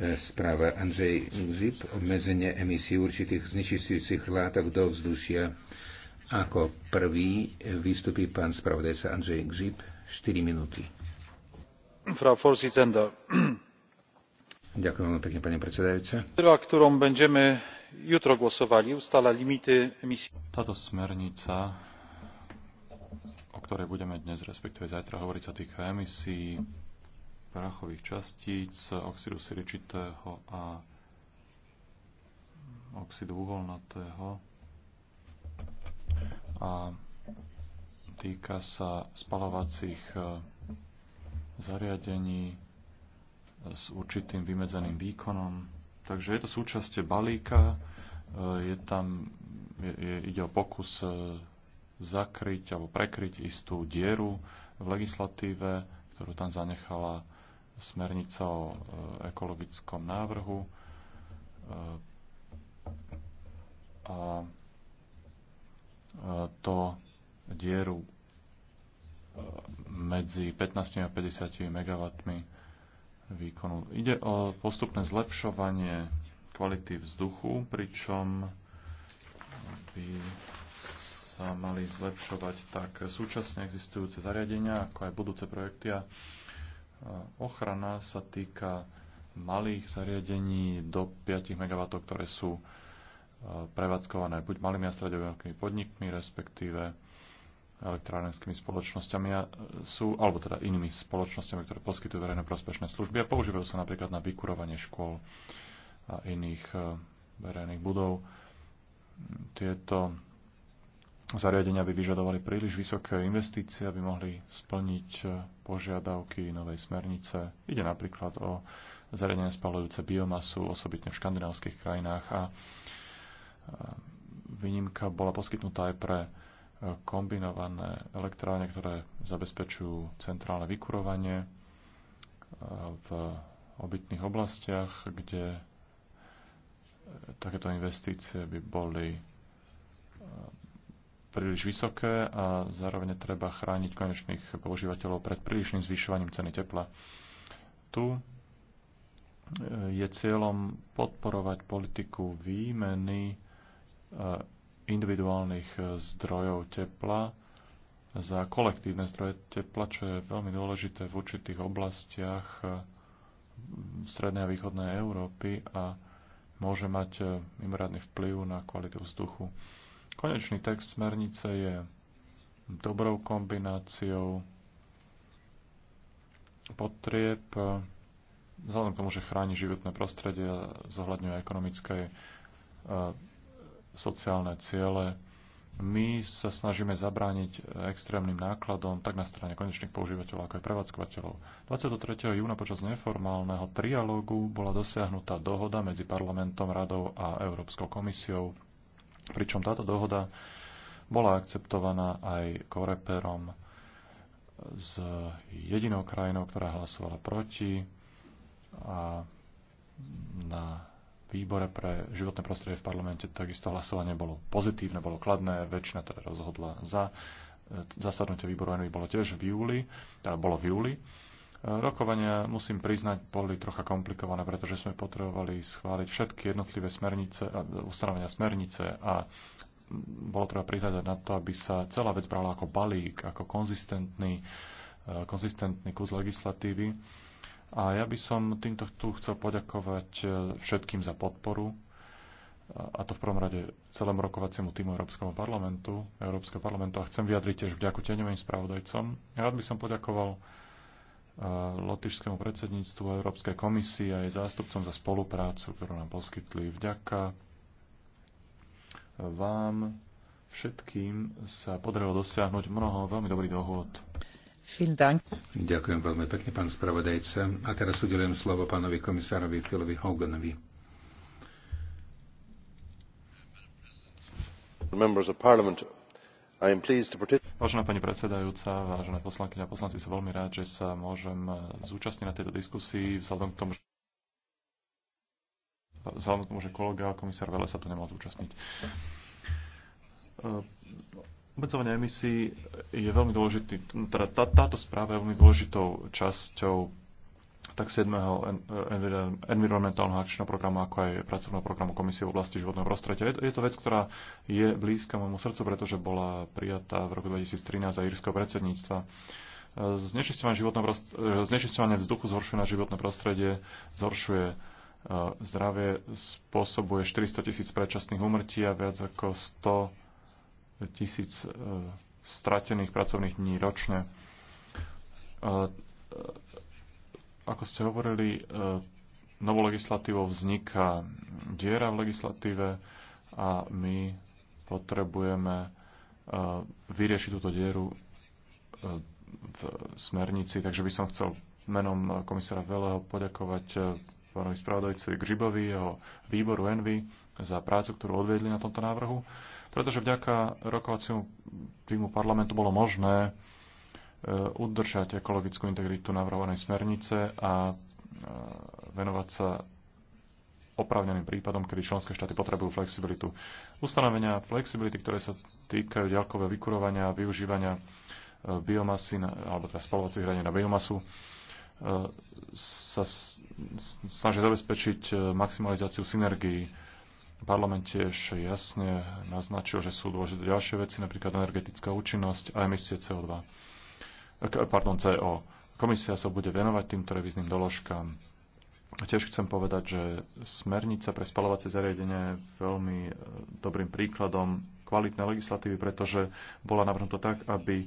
E, správa Andrzej Zip, obmedzenie emisí určitých znečistujúcich látok do vzdušia. Ako prvý vystupí pán spravodajca Andrzej Zip, 4 minúty. Frau Vorsitzender. Ďakujem veľmi pekne, pani predsedajúca. Prvá, ktorom budeme jutro głosowali, ustala limity emisí. Táto smernica, o ktorej budeme dnes, respektíve zajtra hovoriť, sa týka emisí prachových častíc, oxidu siličitého a oxidu uholnatého a týka sa spalovacích e, zariadení s určitým vymedzeným výkonom. Takže je to súčasť balíka, e, je tam, je, je, ide o pokus e, zakryť alebo prekryť istú dieru v legislatíve, ktorú tam zanechala smernica o e, ekologickom návrhu. E, a e, to dieru medzi 15 a 50 MW výkonu. Ide o postupné zlepšovanie kvality vzduchu, pričom by sa mali zlepšovať tak súčasne existujúce zariadenia, ako aj budúce projekty a ochrana sa týka malých zariadení do 5 MW, ktoré sú e, prevádzkované buď malými a stredovými podnikmi, respektíve elektrárenskými spoločnosťami a e, sú, alebo teda inými spoločnosťami, ktoré poskytujú verejné prospešné služby a používajú sa napríklad na vykurovanie škôl a iných e, verejných budov. Tieto zariadenia by vyžadovali príliš vysoké investície, aby mohli splniť e, požiadavky novej smernice. Ide napríklad o zariadenia spalujúce biomasu, osobitne v škandinávskych krajinách a e, výnimka bola poskytnutá aj pre e, kombinované elektrárne, ktoré zabezpečujú centrálne vykurovanie v obytných oblastiach, kde takéto investície by boli príliš vysoké a zároveň treba chrániť konečných používateľov pred prílišným zvyšovaním ceny tepla. Tu e, je cieľom podporovať politiku výmeny e, individuálnych e, zdrojov tepla za kolektívne zdroje tepla, čo je veľmi dôležité v určitých oblastiach strednej a východnej Európy a môže mať imradný vplyv na kvalitu vzduchu. Konečný text smernice je dobrou kombináciou potrieb, vzhľadom k tomu, že chráni životné prostredie a zohľadňuje ekonomické a e, sociálne ciele. My sa snažíme zabrániť extrémnym nákladom tak na strane konečných používateľov, ako aj prevádzkovateľov. 23. júna počas neformálneho trialógu bola dosiahnutá dohoda medzi parlamentom, radou a Európskou komisiou Pričom táto dohoda bola akceptovaná aj koreperom z jedinou krajinou, ktorá hlasovala proti a na výbore pre životné prostredie v parlamente takisto hlasovanie bolo pozitívne, bolo kladné, väčšina teda rozhodla za. E, zasadnutie výboru bolo tiež v júli, teda bolo v júli Rokovania, musím priznať, boli trocha komplikované, pretože sme potrebovali schváliť všetky jednotlivé smernice, ustanovenia smernice a bolo treba prihľadať na to, aby sa celá vec brala ako balík, ako konzistentný, e, konzistentný kus legislatívy. A ja by som týmto tu chcel poďakovať e, všetkým za podporu, e, a to v prvom rade celému rokovaciemu týmu Európskeho parlamentu, Európskeho parlamentu a chcem vyjadriť tiež vďaku teňovým spravodajcom. Rád by som poďakoval lotyšskému predsedníctvu Európskej komisie a jej zástupcom za spoluprácu, ktorú nám poskytli. Vďaka vám všetkým sa podarilo dosiahnuť mnoho veľmi dobrých dohôd. Ďakujem veľmi pekne, pán spravodajca. A teraz udelujem slovo pánovi komisárovi Filovi Hoganovi. Members of Parliament, Vážená pani predsedajúca, vážené poslankyne a poslanci, som veľmi rád, že sa môžem zúčastniť na tejto diskusii vzhľadom k tomu, že vzhľadom k tomu, že kolega komisár Vele sa tu nemal zúčastniť. Ehm, obmedzovanie emisí je veľmi dôležitý, teda tá, táto správa je veľmi dôležitou časťou tak 7. Eh, environmentálneho akčného programu, ako aj pracovného programu Komisie v oblasti životného prostredia. Je to vec, ktorá je blízka môjmu srdcu, pretože bola prijatá v roku 2013 za írskeho predsedníctva. Eh, eh, znečisťovanie vzduchu zhoršuje na životné prostredie, zhoršuje zdravie, spôsobuje 400 tisíc predčasných umrtí a viac ako 100 tisíc stratených pracovných dní ročne ako ste hovorili, e, novou legislatívou vzniká diera v legislatíve a my potrebujeme e, vyriešiť túto dieru e, v smernici, takže by som chcel menom komisára Veleho poďakovať pánovi spravodajcovi Gribovi, jeho výboru Envy za prácu, ktorú odviedli na tomto návrhu, pretože vďaka rokovaciemu týmu parlamentu bolo možné E, udržať ekologickú integritu navrhovanej smernice a e, venovať sa oprávneným prípadom, kedy členské štáty potrebujú flexibilitu. Ustanovenia flexibility, ktoré sa týkajú ďalkového vykurovania a využívania e, biomasy, alebo teda spalovacích hraní na biomasu, sa snažia zabezpečiť maximalizáciu synergií. Parlament tiež jasne naznačil, že sú dôležité ďalšie veci, napríklad energetická účinnosť a emisie CO2 pardon, CO. Komisia sa bude venovať týmto revizným doložkám. Tiež chcem povedať, že smernica pre spalovacie zariadenie je veľmi e, dobrým príkladom kvalitnej legislatívy, pretože bola navrhnutá tak, aby e,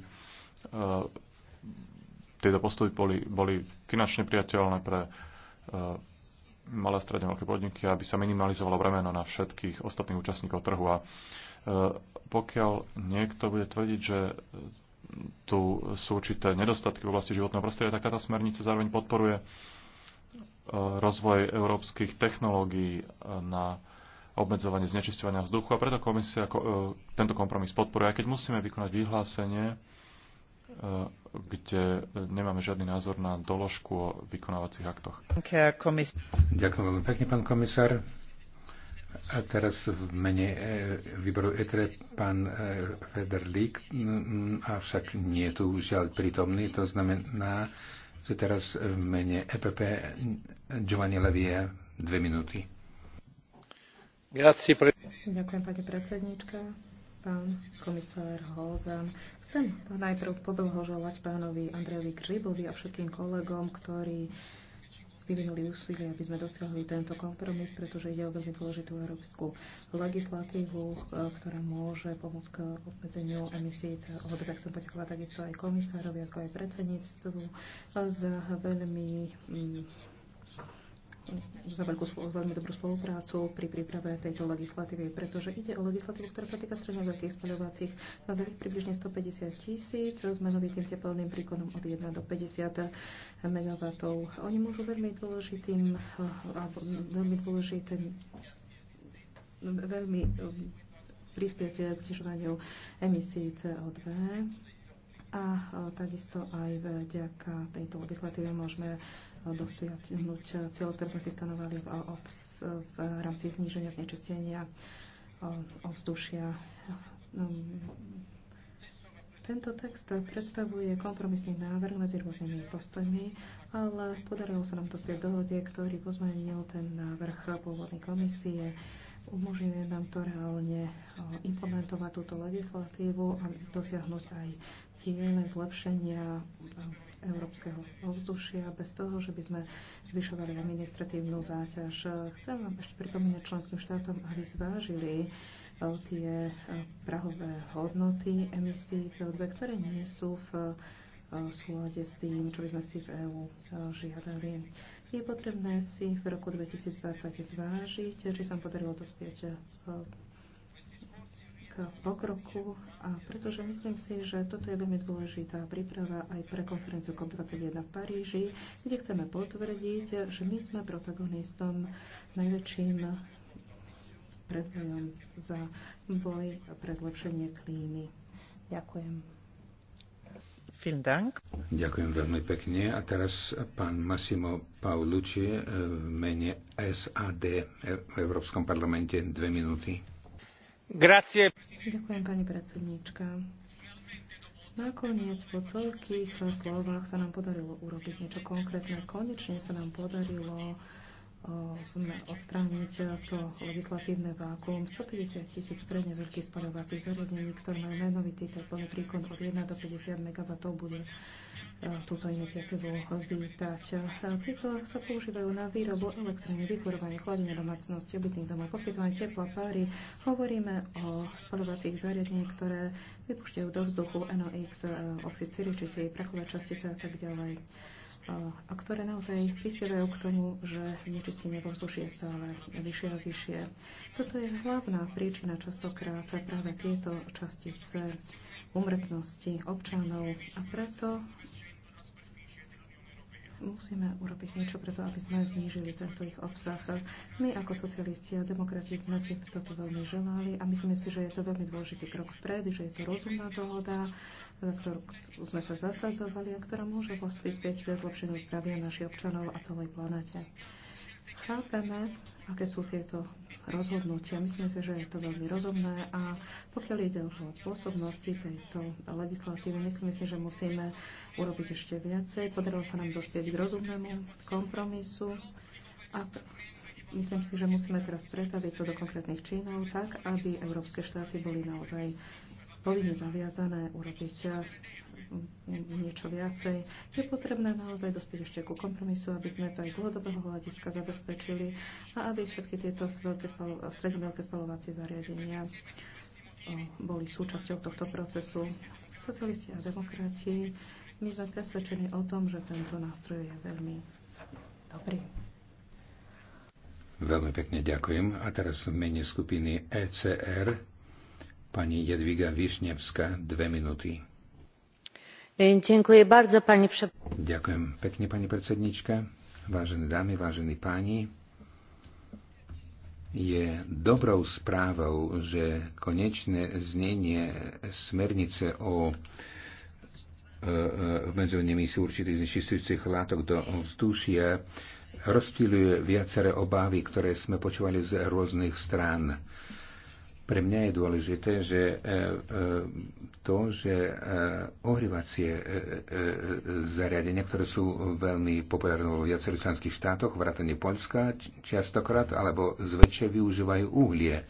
tieto postupy boli, boli finančne priateľné pre e, malé a stredne veľké podniky, aby sa minimalizovalo bremeno na všetkých ostatných účastníkov trhu. A pokiaľ niekto bude tvrdiť, že tu sú určité nedostatky v oblasti životného prostredia, tak táto smernica zároveň podporuje e, rozvoj európskych technológií e, na obmedzovanie znečisťovania vzduchu a preto komisia e, tento kompromis podporuje, aj keď musíme vykonať vyhlásenie, kde nemáme žiadny názor na doložku o vykonávacích aktoch. Ďakujem veľmi pekne, pán komisár. A teraz v mene e, výboru ETRE e pán e, Federlík, avšak nie je tu žiaľ prítomný, to znamená, že teraz v mene EPP Giovanni Levie dve minúty. Ďakujem, pani predsednička, pán komisár Hogan. Chcem najprv poblahoželať pánovi Andrejovi Gřibovi a všetkým kolegom, ktorí vyvinuli úsilie, aby sme dosiahli tento kompromis, pretože ide o veľmi dôležitú európsku legislatívu, e, ktorá môže pomôcť k obmedzeniu emisí CO2. Chcem poďakovať takisto aj komisárovi, ako aj predsedníctvu e, za veľmi mm, za veľkú, veľmi dobrú spoluprácu pri príprave tejto legislatívy, pretože ide o legislatívu, ktorá sa týka strašne veľkých spaľovacích vazových približne 150 tisíc s menovitým tepelným príkonom od 1 do 50 MW. Oni môžu veľmi dôležitým, eh, alebo veľmi dôležitým, veľmi eh, prispieť k znižovaniu emisí CO2 a eh, takisto aj vďaka tejto legislatíve môžeme dosiahnuť cieľ, ktoré sme si stanovali v, OPS, v rámci zníženia znečistenia ovzdušia. Hm. Tento text predstavuje kompromisný návrh medzi rôznymi postojmi, ale podarilo sa nám to spieť dohode, ktorý pozmenil ten návrh pôvodnej komisie. Umožňuje nám to reálne implementovať túto legislatívu a dosiahnuť aj cieľe zlepšenia európskeho ovzdušia bez toho, že by sme zvyšovali administratívnu záťaž. Chcem vám ešte pripomínať členským štátom, aby zvážili eh, tie eh, prahové hodnoty emisí CO2, ktoré nie sú v eh, súlade s tým, čo by sme si v EÚ žiadali. Je potrebné si v roku 2020 zvážiť, či sa podarilo dospieť k pokroku a pretože myslím si, že toto je veľmi dôležitá príprava aj pre konferenciu COP21 v Paríži, kde chceme potvrdiť, že my sme protagonistom najväčším predvojom za boj pre zlepšenie klímy. Ďakujem. Ďakujem veľmi pekne. A teraz pán Massimo Paolucci eh, v mene SAD eh, v Európskom parlamente dve minúty. Ďakujem, pani predsedníčka. Nakoniec po toľkých slovách sa nám podarilo urobiť niečo konkrétne. Konečne sa nám podarilo odstrániť to legislatívne vákuum. 150 tisíc stredne veľkých spaľovacích zariadení, ktoré majú menovitý teplný príkon od 1 do 50 MW, bude e, túto iniciatívu vítať. Tieto sa používajú na výrobu elektriny, vykurovanie, chladenie domácnosti, obytných domov, poskytovanie tepla, páry. Hovoríme o spadovacích zariadení, ktoré vypúšťajú do vzduchu NOx, e, oxid silicity, prachové častice a tak ďalej a ktoré naozaj prispievajú k tomu, že znečistenie ovzdušia je stále vyššie a vyššie. Toto je hlavná príčina častokrát práve tieto častice umrtnosti občanov a preto Musíme urobiť niečo preto, aby sme znížili tento ich obsah. My ako socialisti a demokrati sme si toto veľmi želali a myslíme si, že je to veľmi dôležitý krok vpred, že je to rozumná dohoda, za ktorú sme sa zasadzovali a ktorá môže prispieť k zlepšeniu zdravia našich občanov a celej planete. Chápeme, aké sú tieto rozhodnutia. Myslím si, že je to veľmi rozumné a pokiaľ ide o pôsobnosti tejto legislatívy, myslím si, že musíme urobiť ešte viacej. Podarilo sa nám dospieť k rozumnému kompromisu a myslím si, že musíme teraz pretaviť to do konkrétnych činov tak, aby európske štáty boli naozaj povinne zaviazané urobiť eh, niečo viacej. Je potrebné naozaj dospieť ešte ku kompromisu, aby sme to aj z dlhodobého hľadiska zabezpečili a aby všetky tieto veľké spalo, stredne veľké spalovacie zariadenia eh, boli súčasťou tohto procesu. Socialisti a demokrati, my sme presvedčení o tom, že tento nástroj je veľmi dobrý. Veľmi pekne ďakujem. A teraz v mene skupiny ECR Pani Jadviga Višnevská, dve minúty. Ďakujem pekne, pani predsednička. Vážené dámy, vážení páni, je dobrou správou, že konečné znenie smernice o e, e, obmedzovaní emisí určitých znečistujúcich látok do vzdušia rozstýluje viaceré obavy, ktoré sme počúvali z rôznych strán pre mňa je dôležité, že e, e, to, že e, ohrievacie zariadenia, ktoré sú veľmi populárne vo viacerých členských štátoch, vrátane Polska častokrát, alebo zväčšie využívajú uhlie.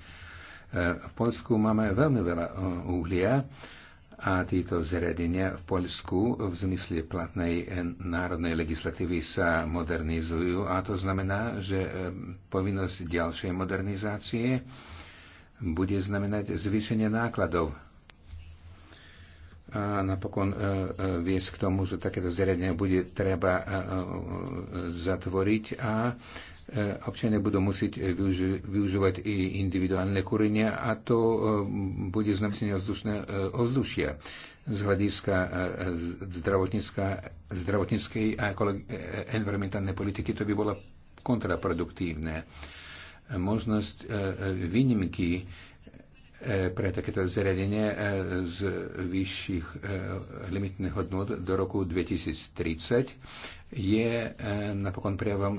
V Polsku máme veľmi veľa uhlia a títo zariadenia v Polsku v zmysle platnej národnej legislatívy sa modernizujú a to znamená, že povinnosť ďalšej modernizácie bude znamenať zvýšenie nákladov a napokon e, e, viesť k tomu, že takéto zariadenie bude treba e, zatvoriť a občania budú musieť využívať i individuálne kúrenia a to bude znamenie ozdušia z hľadiska zdravotníckej a environmentálnej politiky. To by bolo kontraproduktívne možnosť e, e, výnimky e, pre takéto zariadenie z vyšších limitných hodnot do roku 2030 je napokon prejavom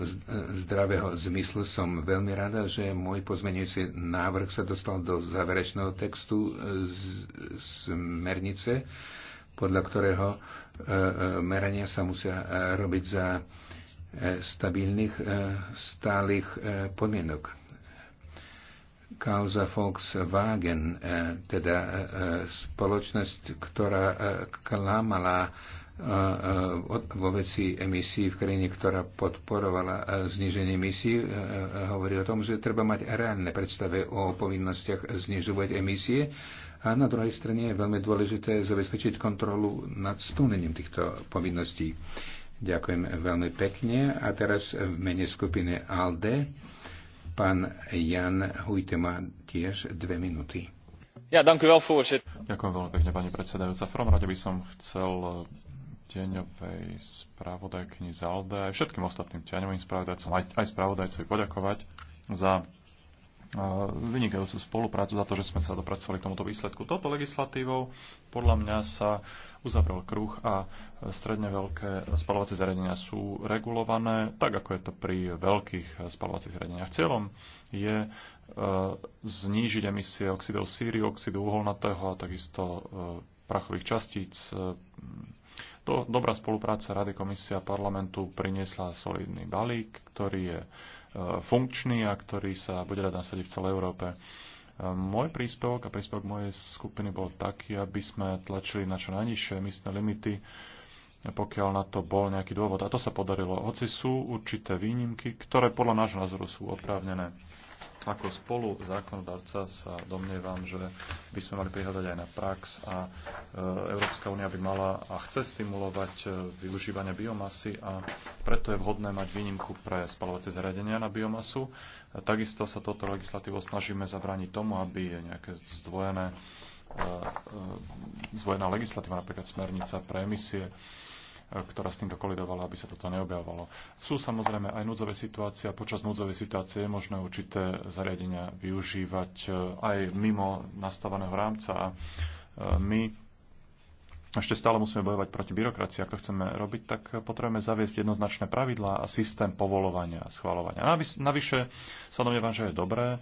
zdravého zmyslu. Som veľmi rada, že môj pozmenujúci návrh sa dostal do záverečného textu z smernice, podľa ktorého merania sa musia robiť za E, stabilných, e, stálych e, podmienok. Kauza Volkswagen, teda spoločnosť, ktorá klamala vo veci emisí v krajine, ktorá podporovala zniženie emisí, hovorí o tom, že treba mať reálne predstave o povinnostiach znižovať emisie a na druhej strane je veľmi dôležité zabezpečiť kontrolu nad splnením týchto povinností. Ďakujem veľmi pekne. A teraz v mene skupiny ALDE pán Jan Hujte má tiež dve minúty. Ja, dank u Ďakujem veľmi pekne, pani predsedajúca. V prvom rade by som chcel tieňovej spravodajkyni Zalde aj všetkým ostatným tieňovým spravodajcom, aj, aj spravodajcovi poďakovať za vynikajúcu spoluprácu, za to, že sme sa dopracovali k tomuto výsledku. Toto legislatívou podľa mňa sa uzavrel kruh a stredne veľké spalovacie zariadenia sú regulované, tak ako je to pri veľkých spalovacích zariadeniach. Cieľom je e, znížiť emisie oxidov síry, oxidu uholnatého a takisto e, prachových častíc. To e, dobrá spolupráca Rady komisia a parlamentu priniesla solidný balík, ktorý je funkčný a ktorý sa bude dať nasadiť v celej Európe. Môj príspevok a príspevok mojej skupiny bol taký, aby sme tlačili na čo najnižšie emisné limity, pokiaľ na to bol nejaký dôvod. A to sa podarilo, hoci sú určité výnimky, ktoré podľa nášho názoru sú oprávnené ako spolu zákonodarca sa domnievam, že by sme mali prihľadať aj na prax a e, Európska únia by mala a chce stimulovať e, využívanie biomasy a preto je vhodné mať výnimku pre spalovacie zariadenia na biomasu. E, takisto sa toto legislatívo snažíme zabrániť tomu, aby nejaké zdvojené zvojená legislatíva, napríklad smernica pre emisie, E, ktorá s týmto kolidovala, aby sa toto neobjavovalo. Sú samozrejme aj núdzové situácie a počas núdzovej situácie je možné určité zariadenia využívať e, aj mimo nastaveného rámca. A e, my ešte stále musíme bojovať proti byrokracii. Ak to chceme robiť, tak potrebujeme zaviesť jednoznačné pravidlá a systém povolovania a schvalovania. Navyše sa domnievam, že je dobré,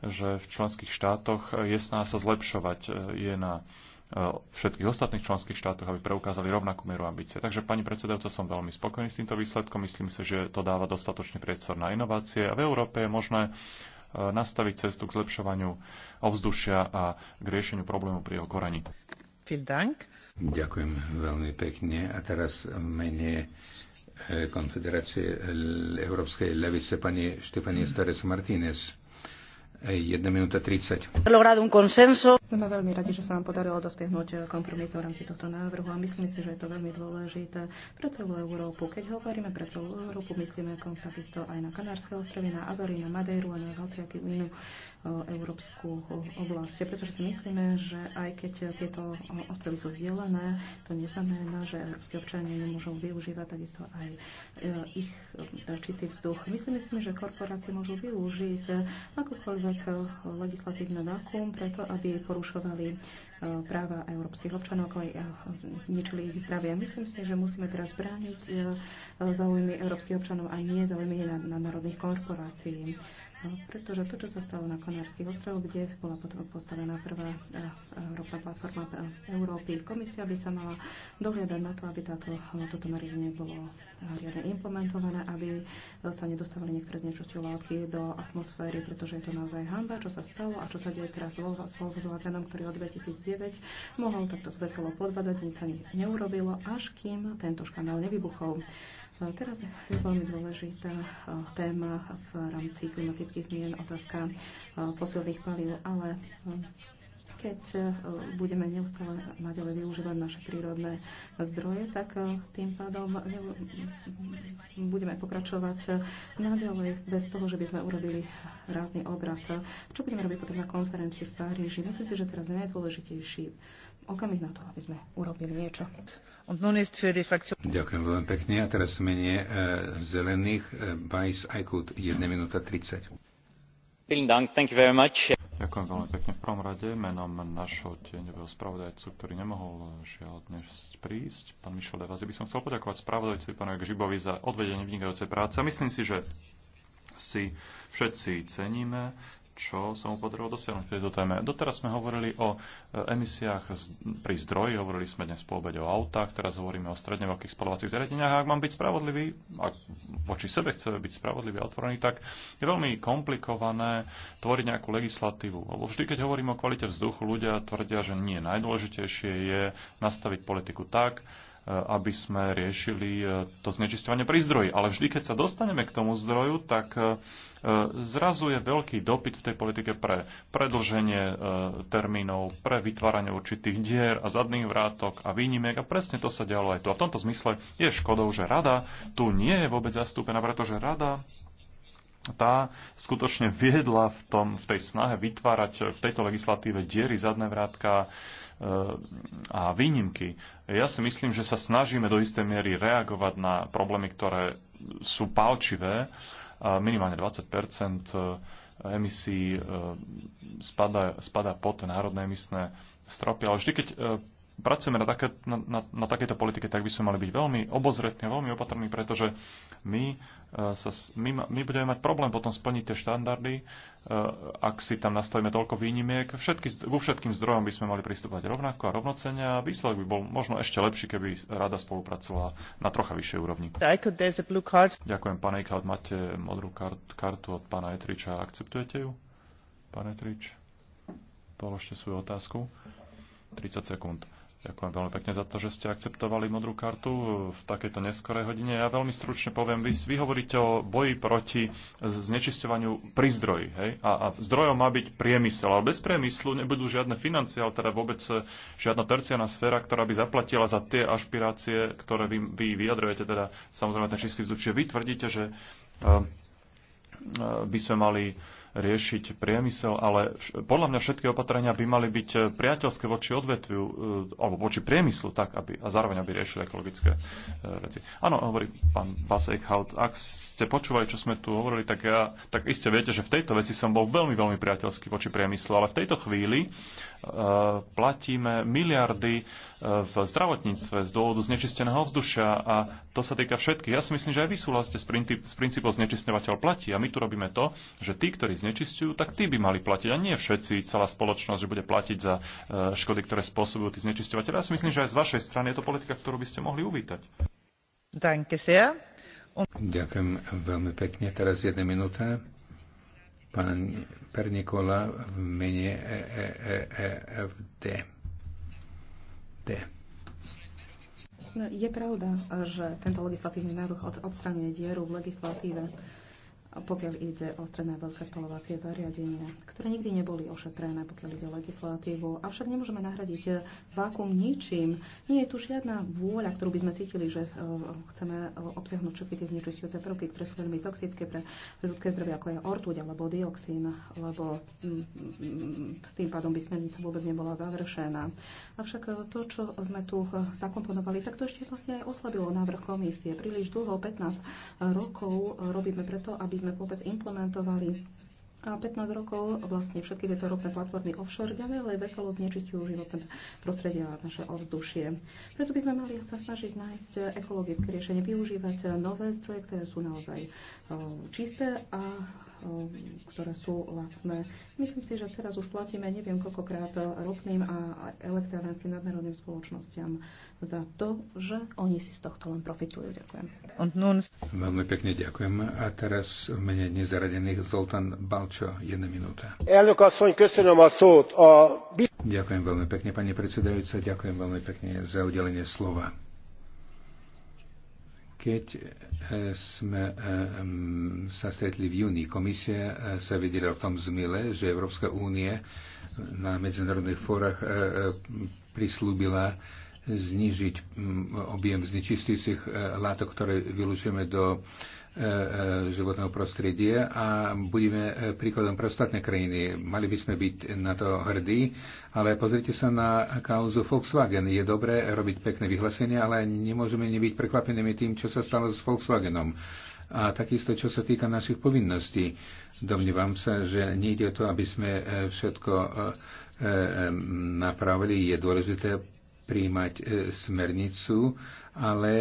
že v členských štátoch je sná sa zlepšovať, je na E, všetkých ostatných členských štátoch, aby preukázali rovnakú mieru ambície. Takže, pani predsedajúca, som veľmi spokojný s týmto výsledkom. Myslím si, že to dáva dostatočný priestor na inovácie a v Európe je možné e, nastaviť cestu k zlepšovaniu ovzdušia a k riešeniu problému pri jeho korení. Ďakujem veľmi pekne. A teraz mene e, Konfederácie Európskej levice, pani Štefanie Starec Martínez. 1 minúta 30. Logrado un consenso. Sme veľmi radi, že sa vám podarilo dospiehnúť kompromis v rámci tohto návrhu a myslím si, že je to veľmi dôležité pre celú Európu. Keď hovoríme pre celú Európu, myslíme takisto aj na Kanárske ostrovy, na Azory, na Madeiru a na hociakú inú európsku oblasť. Pretože si myslíme, že aj keď tieto ostrovy sú vzdielané, to neznamená, že európsky občania nemôžu využívať takisto aj e, ich e, čistý vzduch. Myslím si, že korporácie môžu využiť akúkoľvek e, legislatívne vákum preto, aby porušili porušovali eh, práva európskych občanov, ako aj eh, ničili ich zdravie. Myslím si, že musíme teraz brániť eh, záujmy európskych občanov a nie záujmy národných korporácií pretože to, čo sa stalo na Konárskych ostrovoch, kde bola potom postavená prvá Európska eh, eh, platforma eh, Európy, komisia by sa mala dohľadať na to, aby táto, toto nariadenie bolo riadne implementované, aby sa nedostávali niektoré znečisťujúce látky do atmosféry, pretože je to naozaj hamba, čo sa stalo a čo sa deje teraz s Volkswagenom, ktorý od 2009 mohol takto veselo podvádzať, nič sa nič neurobilo, až kým tento škandál nevybuchol. Teraz je veľmi dôležitá téma v rámci klimatických zmien, otázka posilných palív, ale keď budeme neustále naďalej využívať naše prírodné zdroje, tak tým pádom budeme pokračovať naďalej bez toho, že by sme urobili rázny obrat. Čo budeme robiť potom na konferencii v Paríži? Myslím si, že teraz je najdôležitejší okamih na to, aby sme urobili niečo. Ďakujem veľmi pekne. A teraz mene e, zelených e, Bajs Aikut 1 minúta 30. Ďakujem veľmi pekne. V prvom rade menom našho tieňového spravodajcu, ktorý nemohol žiaľ dnes prísť, pán Mišel Devazi, by som chcel poďakovať spravodajcovi pánovi Gžibovi za odvedenie vynikajúcej práce. Myslím si, že si všetci ceníme čo sa mu podarilo dosiahnuť v tejto téme. Doteraz sme hovorili o e, emisiách pri zdroji, hovorili sme dnes po obede o autách, teraz hovoríme o stredne veľkých spalovacích zariadeniach. A ak mám byť spravodlivý, ak voči sebe chceme byť spravodlivý a otvorený, tak je veľmi komplikované tvoriť nejakú legislatívu. Lebo vždy, keď hovoríme o kvalite vzduchu, ľudia tvrdia, že nie. Najdôležitejšie je nastaviť politiku tak, Eh, aby sme riešili eh, to znečisťovanie pri zdroji. Ale vždy, keď sa dostaneme k tomu zdroju, tak eh, zrazu je veľký dopyt v tej politike pre predlženie termínov, pre vytváranie určitých dier a zadných vrátok a výnimiek a presne to sa dialo aj tu. A v tomto zmysle je škodou, že rada tu nie je vôbec zastúpená, pretože rada tá skutočne viedla v, tom, v tej snahe vytvárať v tejto legislatíve diery, zadné vrátka e, a výnimky. Ja si myslím, že sa snažíme do istej miery reagovať na problémy, ktoré sú palčivé. Minimálne 20 e, emisí e, spada, spada pod národné emisné stropy. Ale vždy, keď pracujeme na, také, na, na, na takéto politike, tak by sme mali byť veľmi obozretní, veľmi opatrní, pretože my, e, sa, my, my budeme mať problém potom splniť tie štandardy, e, ak si tam nastavíme toľko výnimiek. Všetky, vo všetkým zdrojom by sme mali pristúpať rovnako a rovnocene a výsledok by bol možno ešte lepší, keby rada spolupracovala na trocha vyššej úrovni. Ďakujem, pán Eichhout. Máte modrú kart, kartu od pána Etriča. Akceptujete ju? Pán Etrič, položte svoju otázku. 30 sekúnd. Ďakujem veľmi pekne za to, že ste akceptovali modrú kartu v takejto neskorej hodine. Ja veľmi stručne poviem, vy, vy hovoríte o boji proti znečisťovaniu pri zdroji. Hej? A, a zdrojom má byť priemysel, ale bez priemyslu nebudú žiadne financie, ale teda vôbec e, žiadna terciálna sféra, ktorá by zaplatila za tie ašpirácie, ktoré vy, vy vyjadrujete, teda samozrejme ten čistý vzduch. Čiže vy tvrdíte, že uh, uh, by sme mali uh, riešiť priemysel, ale podľa mňa všetky opatrenia by mali byť e, priateľské voči odvetviu e, alebo voči priemyslu tak, aby, a zároveň aby riešili ekologické e, veci. Áno, hovorí pán Bas Eichhout, ak ste počúvali, čo sme tu hovorili, tak, ja, tak iste viete, že v tejto veci som bol veľmi, veľmi priateľský voči priemyslu, ale v tejto chvíli uh, platíme miliardy v zdravotníctve z dôvodu znečisteného vzdušia a to sa týka všetkých. Ja si myslím, že aj vy súhlasíte s princípom znečisťovateľ platí a my tu robíme to, že tí, ktorí znečistujú, tak tí by mali platiť. A nie všetci, celá spoločnosť, že bude platiť za e, škody, ktoré spôsobujú tí znečistovateľe. Ja si myslím, že aj z vašej strany je to politika, ktorú by ste mohli uvítať. Danke sehr. Ďakujem veľmi pekne. Teraz jedna minúta. Pán Pernikola v mene EFD. E, e, D. No, je pravda, že tento legislatívny návrh odstraňuje dieru v legislatíve pokiaľ ide o stredné veľké spalovacie zariadenia, ktoré nikdy neboli ošetrené, pokiaľ ide o legislatívu. Avšak nemôžeme nahradiť vákum ničím. Nie je tu žiadna vôľa, ktorú by sme cítili, že e, chceme e, obsiahnuť všetky tie znečistujúce prvky, ktoré sú veľmi toxické pre ľudské zdravie, ako je ortuď alebo dioxín, lebo mm, mm, mm, s tým pádom by smernica vôbec nebola završená. Avšak e, to, čo sme tu zakomponovali, tak to ešte vlastne aj oslabilo návrh komisie. Príliš dlho, 15 rokov, robíme preto, aby sme vôbec implementovali a 15 rokov vlastne všetky tieto ropné platformy offshore ďalej veselo znečistujú životné prostredie a naše ovzdušie. Preto by sme mali sa snažiť nájsť ekologické riešenie, využívať nové zdroje, ktoré sú naozaj čisté a ktoré sú lacné. Myslím si, že teraz už platíme neviem koľkokrát ropným a elektrárenským nadnárodným spoločnosťam za to, že oni si z tohto len profitujú. Ďakujem. Veľmi pekne ďakujem. A teraz menej nezaradených Zoltán Balč Ďakujem veľmi pekne, pani predsedajúca, ďakujem veľmi pekne za udelenie slova keď e, sme e, sa stretli v júni, komisia e, sa videla v tom zmile, že Európska únie na medzinárodných fórach prislúbila znižiť objem znečistujúcich látok, ktoré vylučujeme do E, e, životného prostredia a budeme e, príkladom pre ostatné krajiny. Mali by sme byť na to hrdí, ale pozrite sa na kauzu Volkswagen. Je dobré robiť pekné vyhlásenie, ale nemôžeme nebyť prekvapenými tým, čo sa stalo s Volkswagenom. A takisto, čo sa týka našich povinností. Domnívam sa, že nejde o to, aby sme všetko napravili. Je dôležité príjmať smernicu, ale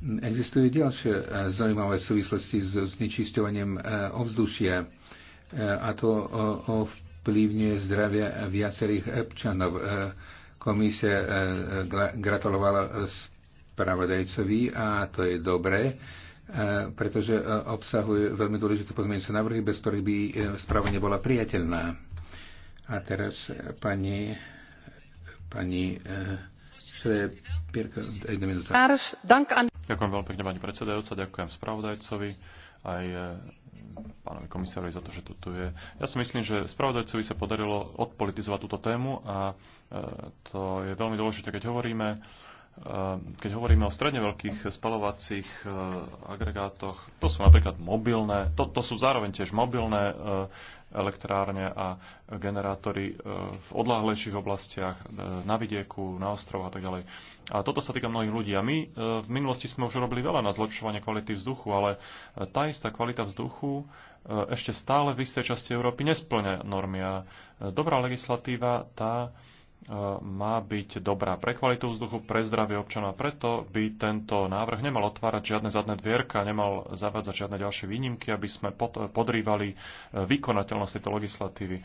Existujú ďalšie e, zaujímavé súvislosti s znečisťovaním e, ovzdušia e, a to ovplyvňuje zdravie viacerých občanov. Komisia gratulovala spravodajcovi a to je dobré, pretože obsahuje veľmi dôležité pozmeňujúce návrhy, bez ktorých by správa nebola priateľná. A teraz pani, pani Ďakujem veľmi pekne, pani predsedajúca, ďakujem spravodajcovi aj e, pánovi komisárovi za to, že tu je. Ja si myslím, že spravodajcovi sa podarilo odpolitizovať túto tému a e, to je veľmi dôležité, keď hovoríme Ehm, keď hovoríme o stredne veľkých spalovacích eh, agregátoch, to sú napríklad mobilné, to, to sú zároveň tiež mobilné eh, elektrárne a generátory eh, v odláhlejších oblastiach, na vidieku, na ostrovoch a tak ďalej. A toto sa týka mnohých ľudí. A my v minulosti sme už robili veľa na zlepšovanie kvality vzduchu, ale tá istá kvalita vzduchu ešte stále v istej časti Európy nesplňa normy. A dobrá legislatíva tá má byť dobrá pre kvalitu vzduchu, pre zdravie občana. Preto by tento návrh nemal otvárať žiadne zadné dvierka, nemal zavádzať žiadne ďalšie výnimky, aby sme podrývali e, vykonateľnosť tejto legislatívy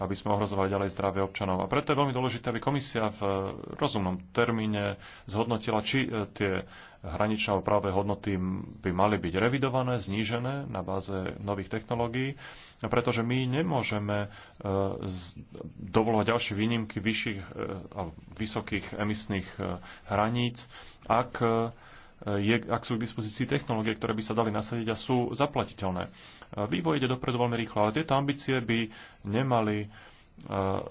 aby sme ohrozovali ďalej zdravie občanov. A preto je veľmi dôležité, aby komisia v eh, rozumnom termíne zhodnotila, či eh, tie hraničné práve hodnoty by mali byť revidované, znížené na báze nových technológií, pretože my nemôžeme eh, dovolovať ďalšie výnimky vyšších a vysokých emisných hraníc, ak je, ak sú k dispozícii technológie, ktoré by sa dali nasadiť a sú zaplatiteľné. E, vývoj ide dopredu veľmi rýchlo, ale tieto ambície by nemali e,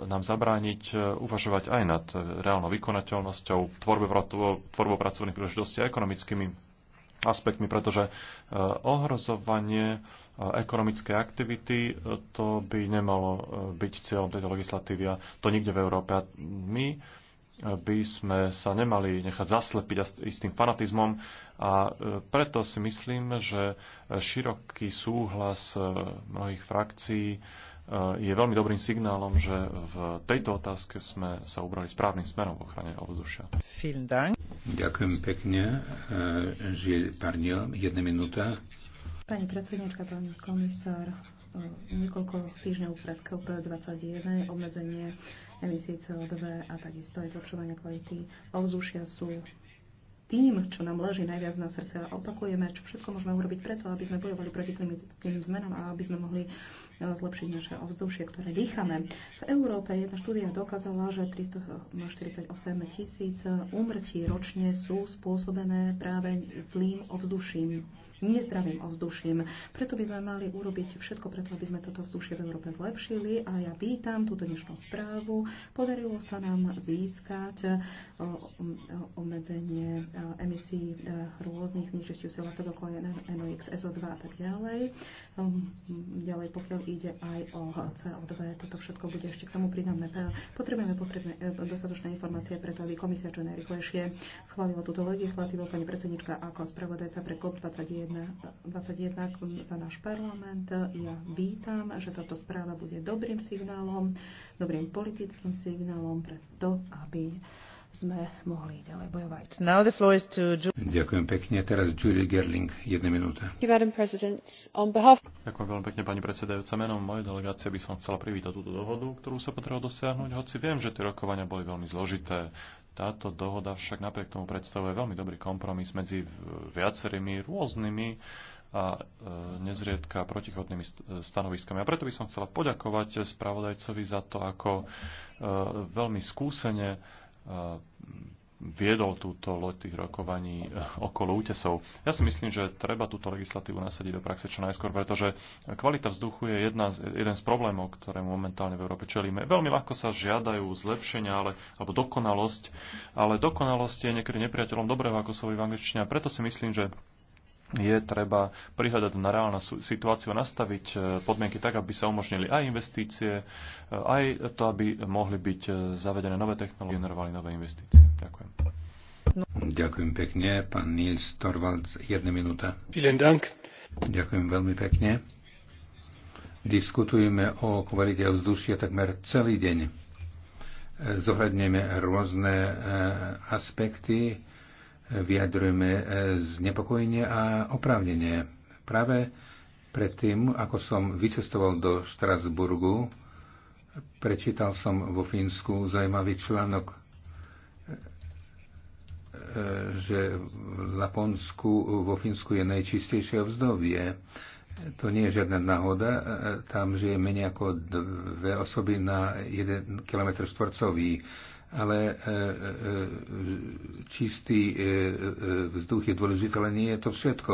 nám zabrániť e, uvažovať aj nad reálnou vykonateľnosťou, tvorbou, pracovných príležitostí a ekonomickými aspektmi, pretože ohrozovanie ekonomickej aktivity to by nemalo byť cieľom tejto legislatívy a to nikde v Európe. A my by sme sa nemali nechať zaslepiť istým fanatizmom a e, preto si myslím, že široký súhlas e, mnohých frakcií e, je veľmi dobrým signálom, že v tejto otázke sme sa ubrali správnym smerom v ochrane ovzdušia. Ďakujem pekne. Žil Parnio, jedna minúta. Pani predsednička, pán komisár, niekoľko týždňov pred COP21 obmedzenie emisí CO2 a takisto aj zlepšovanie kvality ovzdušia sú tým, čo nám leží najviac na srdce a opakujeme, čo všetko môžeme urobiť preto, aby sme bojovali proti klimatickým zmenám a aby sme mohli e, zlepšiť naše ovzdušie, ktoré dýchame. V Európe jedna štúdia dokázala, že 348 tisíc úmrtí ročne sú spôsobené práve zlým ovzduším nezdravým ovzduším. Preto by sme mali urobiť všetko, preto aby sme toto vzdušie v Európe zlepšili a ja vítam túto dnešnú správu. Podarilo sa nám získať eh, obmedzenie eh, emisí eh, rôznych znečišťujúcich ako je NOx, SO2 a tak ďalej. Ehm, ďalej, pokiaľ ide aj o CO2, toto všetko bude ešte k tomu pridané. Potrebujeme potrebné, dostatočné informácie preto, aby komisia čo najrychlejšie schválila túto legislatívu. Pani predsednička, ako spravodajca pre COP21 21, za náš parlament. Ja vítam, že táto správa bude dobrým signálom, dobrým politickým signálom pre to, aby sme mohli ďalej bojovať. Now the floor is to Ďakujem pekne. Teraz Julie Gerling, jedna minúta. Ďakujem veľmi pekne, pani predsedajúca. Menom mojej delegácie by som chcela privítať túto dohodu, ktorú sa potreba dosiahnuť, hoci viem, že tie rokovania boli veľmi zložité. Táto dohoda však napriek tomu predstavuje veľmi dobrý kompromis medzi viacerými rôznymi a e, nezriedka protichodnými e, stanoviskami. A preto by som chcela poďakovať spravodajcovi za to, ako e, veľmi skúsene viedol túto loď tých rokovaní eh, okolo útesov. Ja si myslím, že treba túto legislatívu nasadiť do praxe čo najskôr, pretože kvalita vzduchu je jedna, jeden z problémov, ktorému momentálne v Európe čelíme. Veľmi ľahko sa žiadajú zlepšenia ale, alebo dokonalosť, ale dokonalosť je niekedy nepriateľom dobrého, ako sa hovorí v angličtine. A preto si myslím, že je treba prihľadať na reálnu situáciu a nastaviť e, podmienky tak, aby sa umožnili aj investície, e, aj to, aby mohli byť e, zavedené nové technológie, generovali nové investície. Ďakujem. Ďakujem pekne. Pán Nils Torvalds, jedna minúta. Dank. Ďakujem veľmi pekne. Diskutujeme o kvalite vzdušia takmer celý deň. Zohľadneme rôzne aspekty vyjadrujeme e, znepokojenie a oprávnenie. Práve predtým, ako som vycestoval do Štrasburgu, prečítal som vo Fínsku zaujímavý článok, e, že v Laponsku, vo Fínsku je najčistejšie vzdovie. To nie je žiadna náhoda. E, tam žije menej ako dve osoby na jeden kilometr štvorcový ale e, e, e, čistý vzduch je dôležitý, ale nie je to všetko.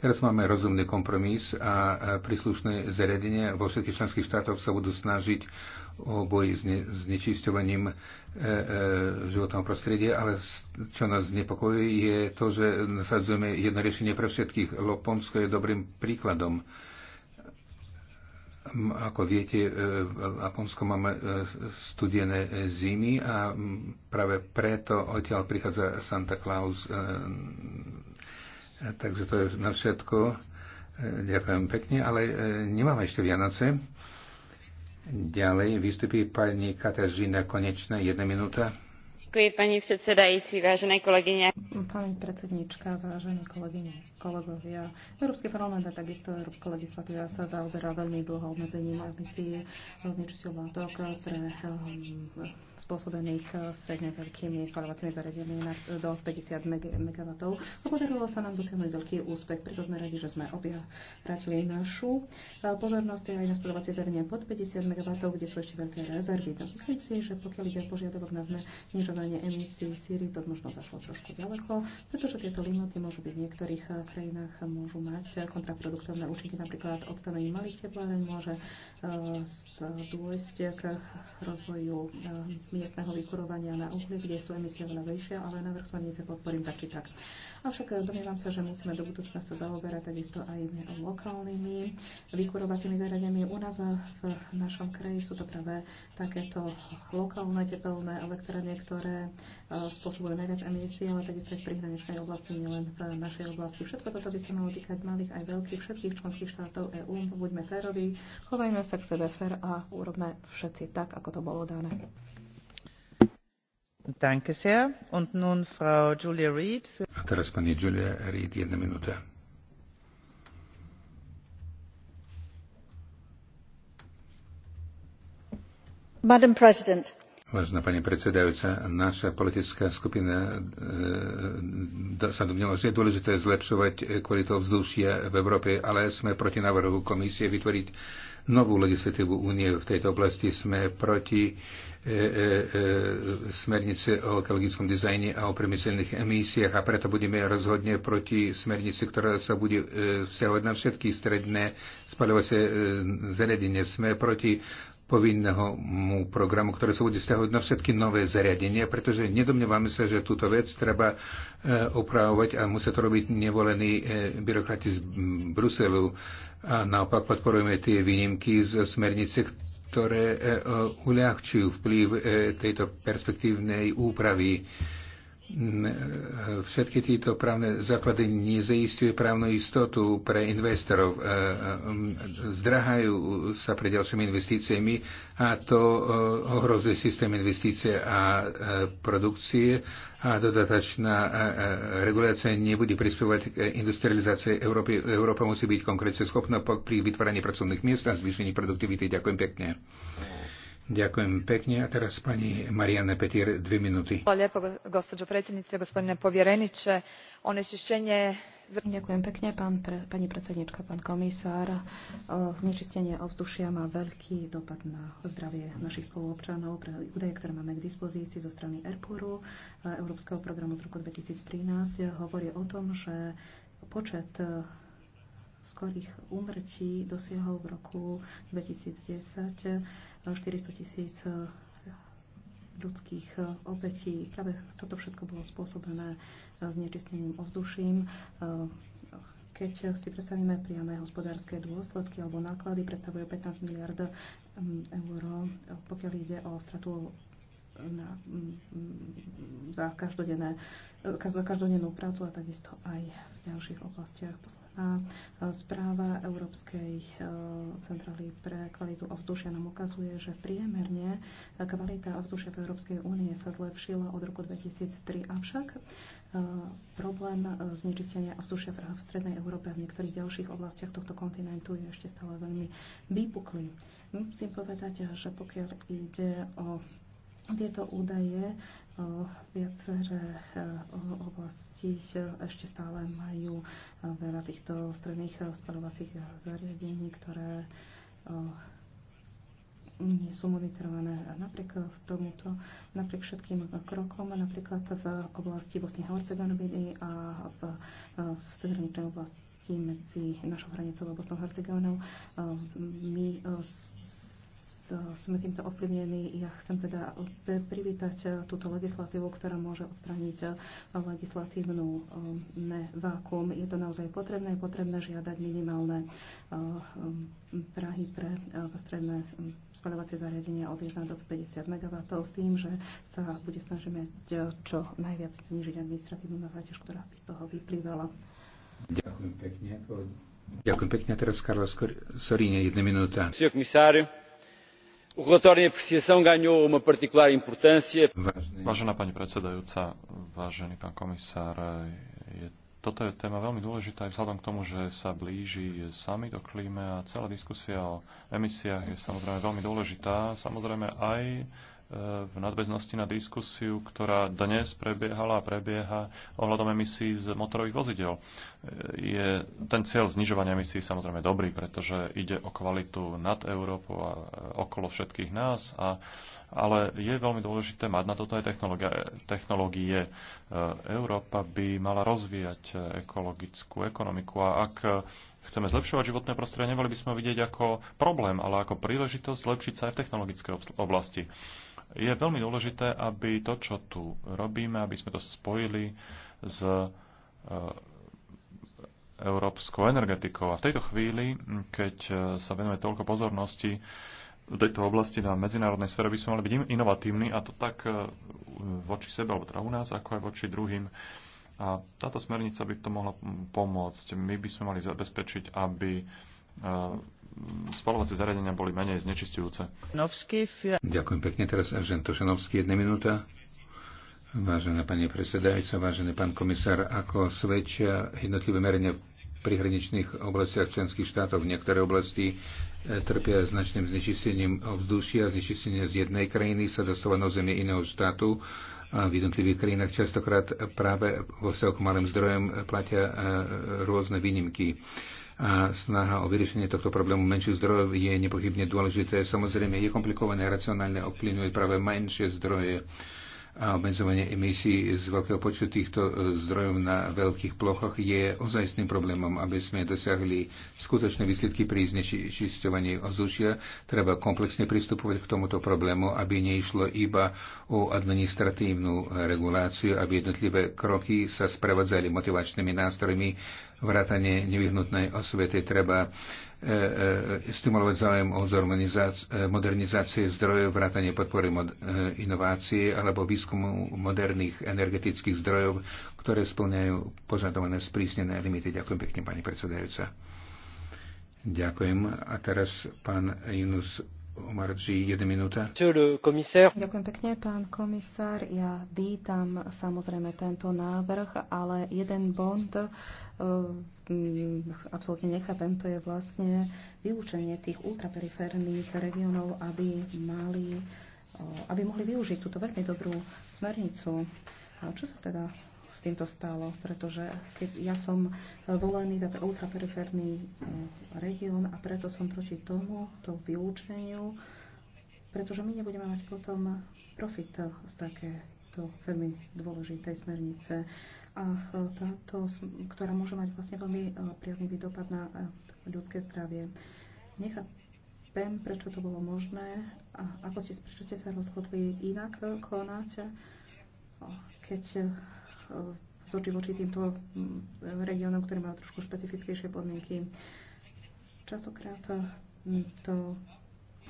Teraz máme rozumný kompromis a príslušné zariadenia vo všetkých členských štátoch sa budú snažiť o boji s znečisťovaním životného prostredia, ale čo nás znepokojí je to, že nasadzujeme jedno riešenie pre všetkých. Loponsko je dobrým príkladom ako viete, e, v Laponsku máme e, studené zimy a práve preto odtiaľ prichádza Santa Claus. E, takže to je na všetko. Ďakujem pekne, ale nemáme ešte Vianoce. Ďalej vystupí pani Katažina Konečná, jedna minúta. Ďakujem, pani predsedajúci, vážené kolegyne. Pani predsednička, vážení kolegyne, kolegovia, Európsky parlament a takisto Európska legislatíva sa zaoberá veľmi dlho obmedzením emisí zničiteľ látok pre hm, spôsobených eh, stredne veľkými spalovacími zariadeniami do 50 MW. Podarilo sa nám dosiahnuť veľký úspech, preto sme radi, že sme obratili našu eh, pozornosť aj na spalovacie zariadenia pod 50 MW, kde sú ešte veľké rezervy. Myslím si, že pokiaľ ide požiadavok na znižovanie emisí síry, to možno zašlo trošku ďaleko pretože tieto limity môžu byť v niektorých eh, krajinách eh, môžu mať eh, kontraproduktívne účinky, napríklad odstavenie malých tepláren môže dôjsť k rozvoju miestneho vykurovania na uhlie, kde sú emisie veľa vyššie, ale návrh smernice podporím tak či tak. Avšak domnievam sa, že musíme do budúcna sa zaoberať takisto aj lokálnymi vykurovacími zariadeniami. U nás v našom kraji sú to práve takéto lokálne tepelné elektrárne, ktoré e, spôsobujú najviac emisí, ale takisto aj z prihraničnej oblasti, nielen v našej oblasti. Všetko toto by sa malo týkať malých aj veľkých, všetkých členských štátov EÚ. Buďme féroví, chovajme sa k sebe fér a urobme všetci tak, ako to bolo dané teraz pani Julia Reid, jedna minúta. Vážená pani predsedajúca, naša politická skupina e, e, sa domnela, že je dôležité zlepšovať kvalitu vzdušia v Európe, ale sme proti návrhu komisie vytvoriť novú legislatívu únie v tejto oblasti. Sme proti e, e, e, smernice o ekologickom dizajne a o priemyselných emisiách a preto budeme rozhodne proti smernici, ktorá sa bude e, vzťahovať na všetky stredné spalovacie e, zariadenie. Sme proti povinného programu, ktoré sa bude vzťahovať na všetky nové zariadenia, pretože nedomnievame sa, že túto vec treba e, opravovať a musia to robiť nevolení e, byrokrati z Bruselu. A naopak podporujeme tie výnimky z smernice, ktoré e, uľahčujú vplyv tejto perspektívnej úpravy E, všetky títo právne základy nezajistuje právnu istotu pre investorov. E, e, Zdrahajú sa pre ďalšími investíciami a to ohrozuje systém investície a produkcie a dodatočná regulácia nebude prispievať k industrializácii Európy. Európa musí byť konkrétne schopná pri vytváraní pracovných miest a zvýšení produktivity. Ďakujem pekne. Ďakujem pekne. A teraz pani Marianne Petir, dve minúty. gospođo predsjednice, gospodine povjereniče. Onečišćenje... Ďakujem pekne, pán pre, pani predsednička, pán komisár. E, znečistenie ovzdušia má veľký dopad na zdravie našich spoluobčanov. Pre údaje, ktoré máme k dispozícii zo strany Airpuru, e, Európskeho programu z roku 2013, hovorí o tom, že počet e, skorých úmrtí dosiahol v roku 2010 400 eh, tisíc eh, ľudských eh, obetí. Práve toto všetko bolo spôsobené znečistením ovzduším. Keď si predstavíme priame hospodárske dôsledky alebo náklady, predstavujú 15 miliard eur, pokiaľ ide o stratu na, mm, za každodenné za každodennú prácu a takisto aj v ďalších oblastiach. Posledná e, správa Európskej e, centrály pre kvalitu ovzdušia nám ukazuje, že priemerne kvalita ovzdušia v Európskej únie sa zlepšila od roku 2003, avšak e, problém znečistenia ovzdušia v Strednej Európe a v niektorých ďalších oblastiach tohto kontinentu je ešte stále veľmi výpuklý. Musím povedať, že pokiaľ ide o tieto údaje viaceré e, oblasti e, ešte stále majú e, veľa týchto stredných spalovacích zariadení, ktoré nie sú monitorované. napriek tomuto, napriek všetkým krokom, napríklad v oblasti Bosny Hercegoviny a v, v cezhraničnej oblasti medzi našou hranicou a Bosnou Hercegovinou, my Eh, sme týmto ovplyvnení. Ja chcem teda privítať eh, túto legislatívu, ktorá môže odstraniť eh, legislatívnu ne, vákum. Je to naozaj potrebné, je potrebné žiadať minimálne Prahy pre stredné spaľovacie zariadenia od 1 do 50 MW s tým, že sa bude snažíme čo najviac znižiť administratívnu záťaž, ktorá by z toho vyplývala. Ďakujem pekne. Ďakujem pekne. Teraz Karlo Sorine, jedna minúta. Sr. komisár, o relatório em apreciação ganhou uma Vážená pani predsedajúca, vážený pán komisár, je, toto je téma veľmi dôležitá aj vzhľadom k tomu, že sa blíži sami do klíme a celá diskusia o emisiách je samozrejme veľmi dôležitá. Samozrejme aj v nadväznosti na diskusiu, ktorá dnes prebiehala a prebieha ohľadom emisí z motorových vozidel. Je ten cieľ znižovania emisí samozrejme dobrý, pretože ide o kvalitu nad Európou a okolo všetkých nás, a, ale je veľmi dôležité mať na toto aj technológie. Európa by mala rozvíjať ekologickú ekonomiku a ak chceme zlepšovať životné prostredie, nemali by sme ho vidieť ako problém, ale ako príležitosť zlepšiť sa aj v technologickej oblasti je veľmi dôležité, aby to, čo tu robíme, aby sme to spojili s e, európskou energetikou. A v tejto chvíli, keď e, sa venuje toľko pozornosti v tejto oblasti na medzinárodnej sfére, by sme mali byť inovatívni a to tak e, voči sebe, alebo teda u nás, ako aj voči druhým. A táto smernica by to mohla pomôcť. My by sme mali zabezpečiť, aby spalovacie zariadenia boli menej znečistujúce. Ďakujem pekne. Teraz Eržen Tošanovský, jedna minúta. Vážená pani predsedajúca, vážený pán komisár, ako svedčia jednotlivé merenia v prihraničných oblastiach členských štátov, v niektoré oblasti eh, trpia značným znečistením vzdušia, znečistenie z jednej krajiny sa dostáva na zemi iného štátu a v jednotlivých krajinách častokrát práve vo vzťahu k malým zdrojom platia eh, rôzne výnimky a snaha o vyriešenie tohto problému menších zdrojov je nepochybne dôležité. Samozrejme, je komplikované racionálne ovplyvňuje práve menšie zdroje a obmedzovanie emisí z veľkého počtu týchto e, zdrojov na veľkých plochách je ozajstným problémom. Aby sme dosiahli skutočné výsledky pri znečisťovaní ozušia, treba komplexne pristupovať k tomuto problému, aby neišlo iba o administratívnu reguláciu, aby jednotlivé kroky sa sprevádzali motivačnými nástrojmi, vrátanie nevyhnutnej osvety treba E, e, stimulovať záujem o e, modernizácie zdrojov, vrátanie podpory inovácie alebo výskumu moderných energetických zdrojov, ktoré splňajú požadované sprísnené limity. Ďakujem pekne, pani predsedajúca. Ďakujem. A teraz pán Junus Ďakujem pekne, pán komisár. Ja vítam samozrejme tento návrh, ale jeden bond eh, mm, absolútne nechápem, to je vlastne vyučenie tých ultraperiférnych regiónov, aby mali eh, aby mohli využiť túto veľmi dobrú smernicu. A čo sa teda s týmto stalo, pretože keď ja som volený za ultraperiférny e, región a preto som proti tomu, to vylúčeniu, pretože my nebudeme mať potom profit z takéto veľmi dôležitej smernice, a e, táto, ktorá môže mať vlastne veľmi e, priaznivý dopad na ľudské zdravie. Nechá Pem, prečo to bolo možné a ako ste, prečo ste sa rozhodli inak konať, keď Eh, z oči voči týmto mm, regiónom, ktoré majú trošku špecifickejšie podmienky. Častokrát eh, to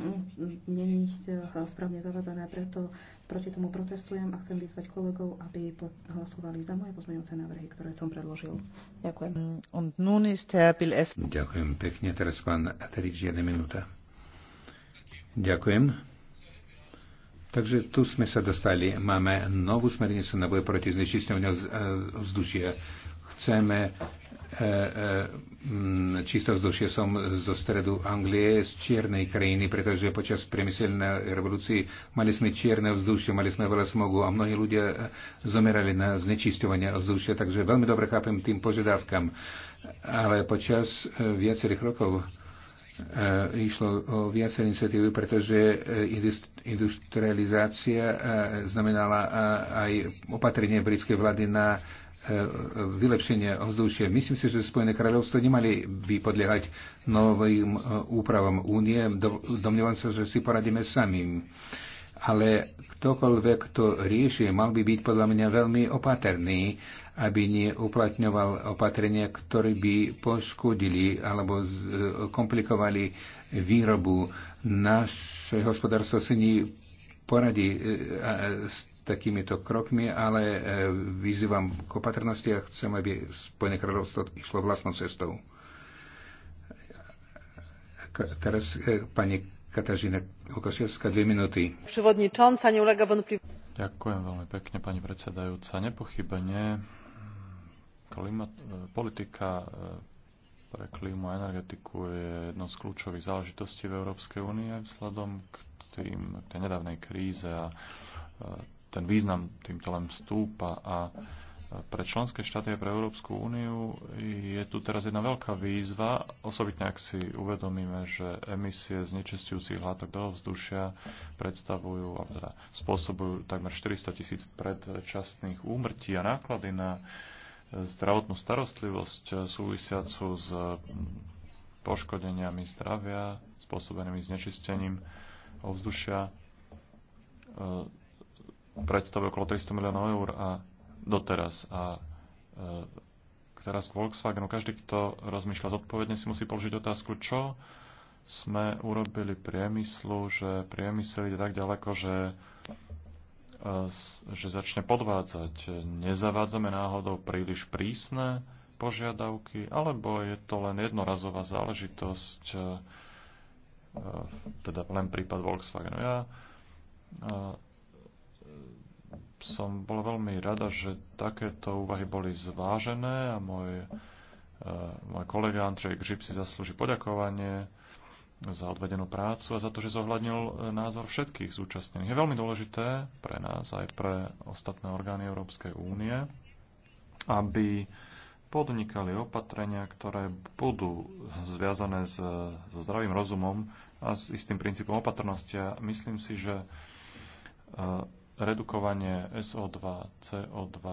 mm, není eh, správne zavadzané, preto proti tomu protestujem a chcem vyzvať kolegov, aby hlasovali za moje pozmeňujúce návrhy, ktoré som predložil. Ďakujem. Mm, Ďakujem pekne. Teraz pán Aterič, jedna minúta. Ďakujem. Takže tu sme sa dostali. Máme novú smernicu na boj proti znečisťovaniu e, vzdušia. Chceme e, e, čisto vzdušie som zo stredu Anglie, z čiernej krajiny, pretože počas priemyselnej revolúcii mali sme čierne vzdušie, mali sme veľa smogu a mnohí ľudia zomerali na znečistovanie vzdušia, takže veľmi dobre chápem tým požiadavkám. Ale počas viacerých rokov E, išlo o viacej iniciatívy, pretože e, industrializácia e, znamenala aj opatrenie britskej vlády na vylepšenie ovzdušia. Myslím si, že Spojené kráľovstvo nemali by podliehať novým úpravom únie. Domnievam sa, že si poradíme samým ale ktokoľvek to rieši, mal by byť podľa mňa veľmi opatrný, aby neuplatňoval opatrenia, ktoré by poškodili alebo e, komplikovali výrobu. Naše hospodárstvo si poradí e, e, s takýmito krokmi, ale vyzývam k opatrnosti a chcem, aby Spojené kráľovstvo išlo vlastnou cestou. Teraz pani Katažina Lukaševská, dve minúty. Ďakujem veľmi pekne, pani predsedajúca. Nepochybenie mm, klimat, e, politika e, pre klímu a energetiku je jednou z kľúčových záležitostí v Európskej únie vzhľadom k, tým, k tej nedávnej kríze a e, ten význam týmto len vstúpa. a pre členské štáty a pre Európsku úniu je tu teraz jedna veľká výzva, osobitne ak si uvedomíme, že emisie znečistujúcich látok do ovzdušia predstavujú, alebo teda spôsobujú takmer 400 tisíc predčasných úmrtí a náklady na zdravotnú starostlivosť súvisiacu s poškodeniami zdravia spôsobenými znečistením ovzdušia e, predstavuje okolo 300 miliónov eur a doteraz. A e, teraz k Volkswagenu. Každý, kto rozmýšľa zodpovedne, si musí položiť otázku, čo sme urobili priemyslu, že priemysel ide tak ďaleko, že, e, že začne podvádzať. Nezavádzame náhodou príliš prísne požiadavky, alebo je to len jednorazová záležitosť, e, teda len prípad Volkswagenu. Ja som bola veľmi rada, že takéto úvahy boli zvážené a môj, e, môj kolega Andrej Gřip si zaslúži poďakovanie za odvedenú prácu a za to, že zohľadnil e, názor všetkých zúčastnených. Je veľmi dôležité pre nás aj pre ostatné orgány Európskej únie, aby podnikali opatrenia, ktoré budú zviazané s, so zdravým rozumom a s istým princípom opatrnosti. A myslím si, že e, redukovanie SO2, CO2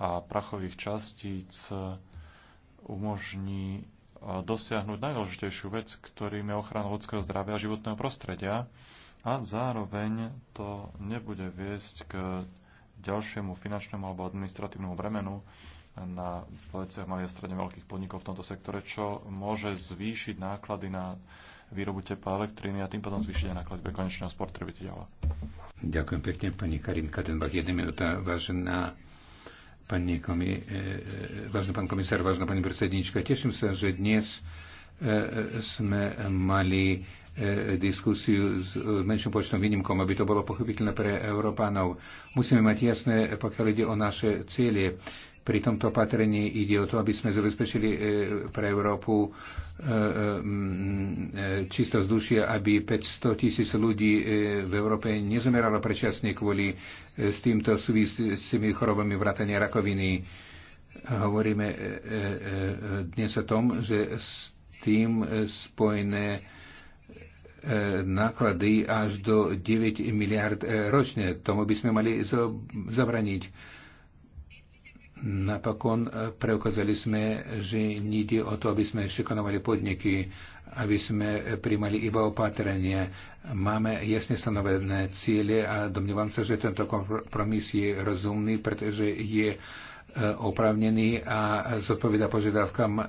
a prachových častíc umožní dosiahnuť najdôležitejšiu vec, ktorým je ochrana ľudského zdravia a životného prostredia a zároveň to nebude viesť k ďalšiemu finančnému alebo administratívnemu bremenu na pleciach malých a stredne veľkých podnikov v tomto sektore, čo môže zvýšiť náklady na výrobu tepla elektriny a tým potom zvýšenia náklady pre konečného spotrebiteľa. Ďakujem pekne, pani Karin Kadenbach. Jedna minúta, vážená pani komi, e, e, vážený pán komisár, vážená pani predsednička. Teším sa, že dnes e, e sme mali e, diskusiu s menším počtom výnimkom, aby to bolo pochopiteľné pre Európanov. Musíme mať jasné, pokiaľ ide o naše cieľe. Pri tomto opatrení ide o to, aby sme zabezpečili e, pre Európu e, e, čisto vzdušie, aby 500 tisíc ľudí v Európe nezomeralo predčasne kvôli s týmto súvisiacimi chorobami vrátania rakoviny. Hovoríme dnes o tom, že s tým spojené náklady až do 9 miliard ročne. Tomu by sme mali zabraniť Napokon e, preukázali sme, že nejde o to, aby sme šikanovali podniky, aby sme e, primali iba opatrenie. Máme jasne stanovené cieľe a domnívam sa, že tento kompromis je rozumný, pretože je e, opravnený a zodpoveda požiadavkám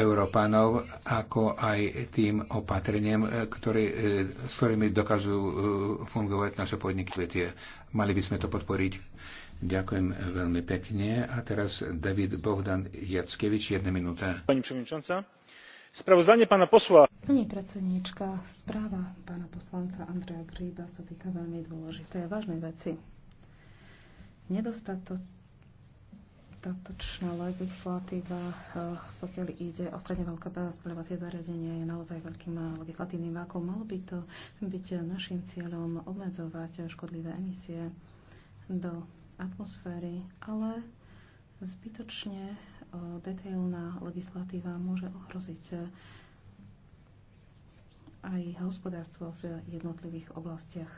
Európanov, ako aj tým opatreniam, ktorý, s ktorými dokážu fungovať naše podniky. Mali by sme to podporiť. Ďakujem veľmi pekne. A teraz David Bohdan Jackevič, jedna minúta. Pani przewodnicząca, Spravozdanie pána posla. Pani predsedníčka, správa pána poslanca Andreja Gríba sa týka veľmi dôležité a vážnej veci. Nedostatok dostatočná legislatíva, eh, pokiaľ ide o stredne veľké spaľovacie zariadenie, je naozaj veľkým eh, legislatívnym vákom. Malo by to byť našim cieľom obmedzovať škodlivé emisie do atmosféry, ale zbytočne e, detailná legislatíva môže ohroziť e, aj hospodárstvo v jednotlivých oblastiach.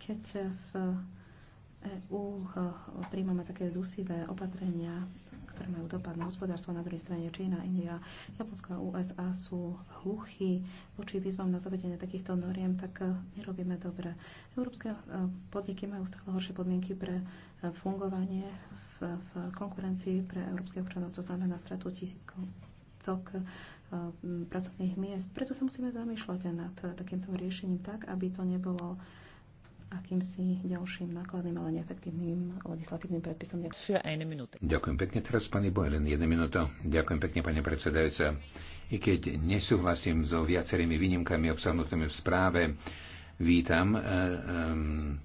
Keď v EÚ e, príjmame také dusivé opatrenia, ktoré majú dopad na hospodárstvo. Na druhej strane Čína, India, Japonsko a USA sú hluchí voči výzvam na zavedenie takýchto noriem, tak eh, nerobíme dobre. Európske eh, podniky majú stále horšie podmienky pre eh, fungovanie v, v konkurencii pre európskych občanov, to znamená stratu tisíckov cok pracovných miest. Preto sa musíme zamýšľať nad takýmto riešením tak, aby to nebolo akýmsi ďalším nákladným, ale neefektívnym legislatívnym predpisom. Ďakujem. Ďakujem pekne teraz, pani Bojlen, jedna minúta. Ďakujem pekne, pani predsedajúca. I keď nesúhlasím so viacerými výnimkami obsahnutými v správe, vítam e, e,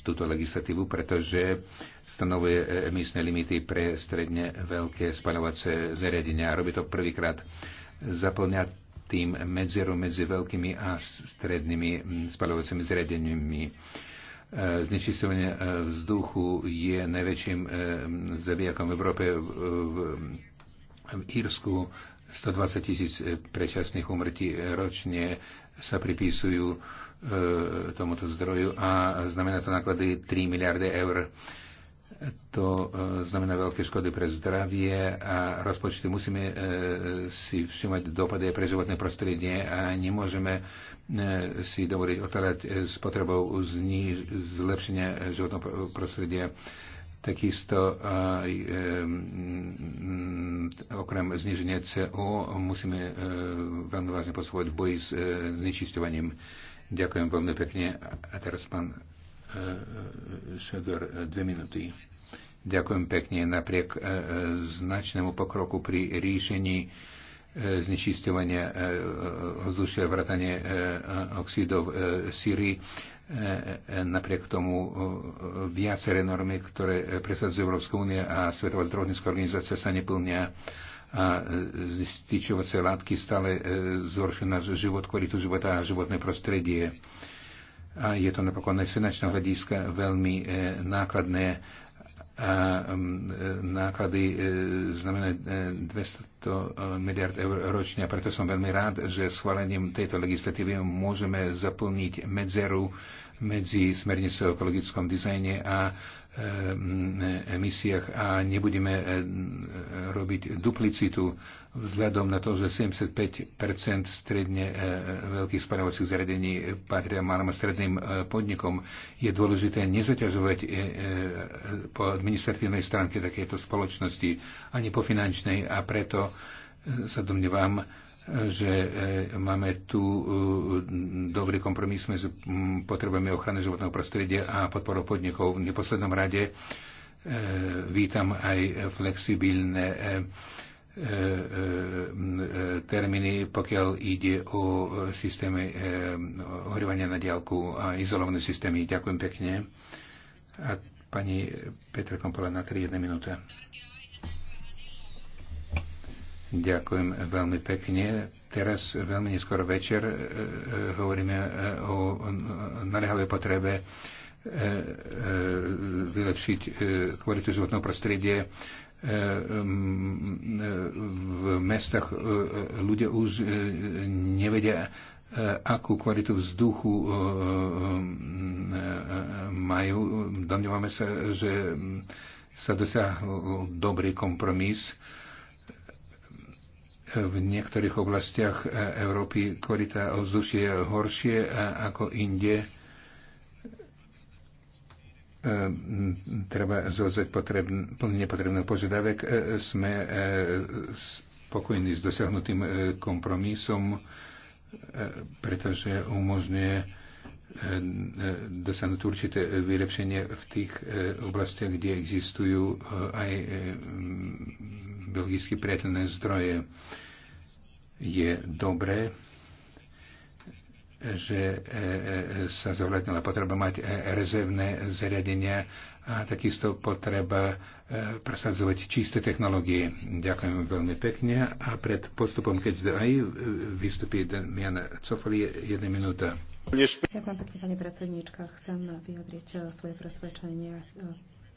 túto legislatívu, pretože stanovuje eh, emisné limity pre stredne veľké spaľovacie zariadenia. Robí to prvýkrát. Zaplňa tým medzeru medzi veľkými a strednými hm, spaľovacími zariadeniami znečistovanie eh, vzduchu je najväčším eh, zabijakom v Európe v Írsku 120 tisíc eh, predčasných umrtí ročne sa pripisujú tomuto zdroju a znamená to náklady 3 miliardy eur. To e, znamená veľké škody pre zdravie a rozpočty. Musíme e, si všimať dopady pre životné prostredie a nemôžeme e, si dovoliť otáľať s potrebou zniž, zlepšenia životného prostredia. Takisto okrem zniženia CO musíme veľmi vážne posúvať v boji s znečisťovaním. Ďakujem veľmi pekne. A teraz pán Eh, eh, Šedor, eh, dve minúty. Ďakujem pekne. Napriek značnému pokroku pri riešení znečisťovania ovzdušia, vratanie oxidov síry, napriek tomu viaceré normy, ktoré presadzujú Európska únia a Svetová zdravotnícká organizácia sa neplnia a styčovacie látky stále zhoršujú náš život, kvalitu života a životné prostredie a je to napokon aj z finančného hľadiska veľmi e, nákladné a e, náklady e, znamená 200 300 e, miliard eur ročne a preto som veľmi rád, že schválením tejto legislatívy môžeme zaplniť medzeru medzi smernicou o ekologickom dizajne a e, emisiách a nebudeme e, robiť duplicitu vzhľadom na to, že 75 stredne veľkých spadovacích zariadení patria malým a stredným podnikom. Je dôležité nezaťažovať po administratívnej stránke takéto spoločnosti ani po finančnej a preto sa domnievam, že e, máme tu e, dobrý kompromis s potrebami ochrany životného prostredia a podporou podnikov. V neposlednom rade e, vítam aj flexibilné termíny, pokiaľ ide o systémy ohrievania na diálku a izolované systémy. Ďakujem pekne. A pani Petra Kompola na 3 1 minúta. Ďakujem veľmi pekne. Teraz veľmi neskoro večer e, e, hovoríme e, o naliehavej potrebe vylepšiť kvalitu životného prostredie v mestách ľudia už nevedia, akú kvalitu vzduchu majú. Domnievame sa, že sa dosiahol dobrý kompromis v niektorých oblastiach e, Európy korita ovzdušie je horšie e, ako inde. E, treba zozať plne nepotrebný požiadavek. Sme spokojní s dosiahnutým kompromisom, pretože umožňuje dosiahnuť určité vylepšenie v tých oblastiach, kde existujú aj biologicky priateľné zdroje. Je dobré, že e, e, sa zohľadnila potreba mať e, rezervné zariadenia a takisto potreba presadzovať čisté technológie. Ďakujem veľmi pekne a pred postupom, keď aj vystupí Jan Cofoli, jedna minúta. Ďakujem pekne, pani predsedníčka. Chcem vyjadriť svoje presvedčenie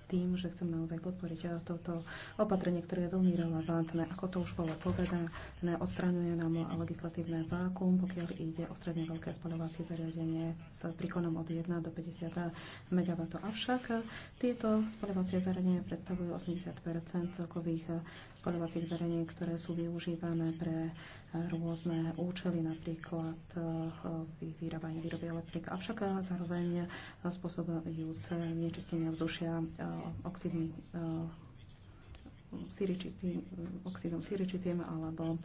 tým, že chcem naozaj podporiť toto opatrenie, ktoré je veľmi relevantné. Ako to už bolo povedané, odstraňuje nám legislatívne vákum, pokiaľ ide o stredne veľké spaľovacie zariadenie s príkonom od 1 do 50 MW. Avšak tieto spaľovacie zariadenia predstavujú 80 celkových spalovacích zariadení, ktoré sú využívané pre eh, rôzne účely, napríklad eh, vyrábanie výroby elektrik, avšak eh, zároveň spôsobujúce nečistenie vzdušia oxidmi oxidom siričitým alebo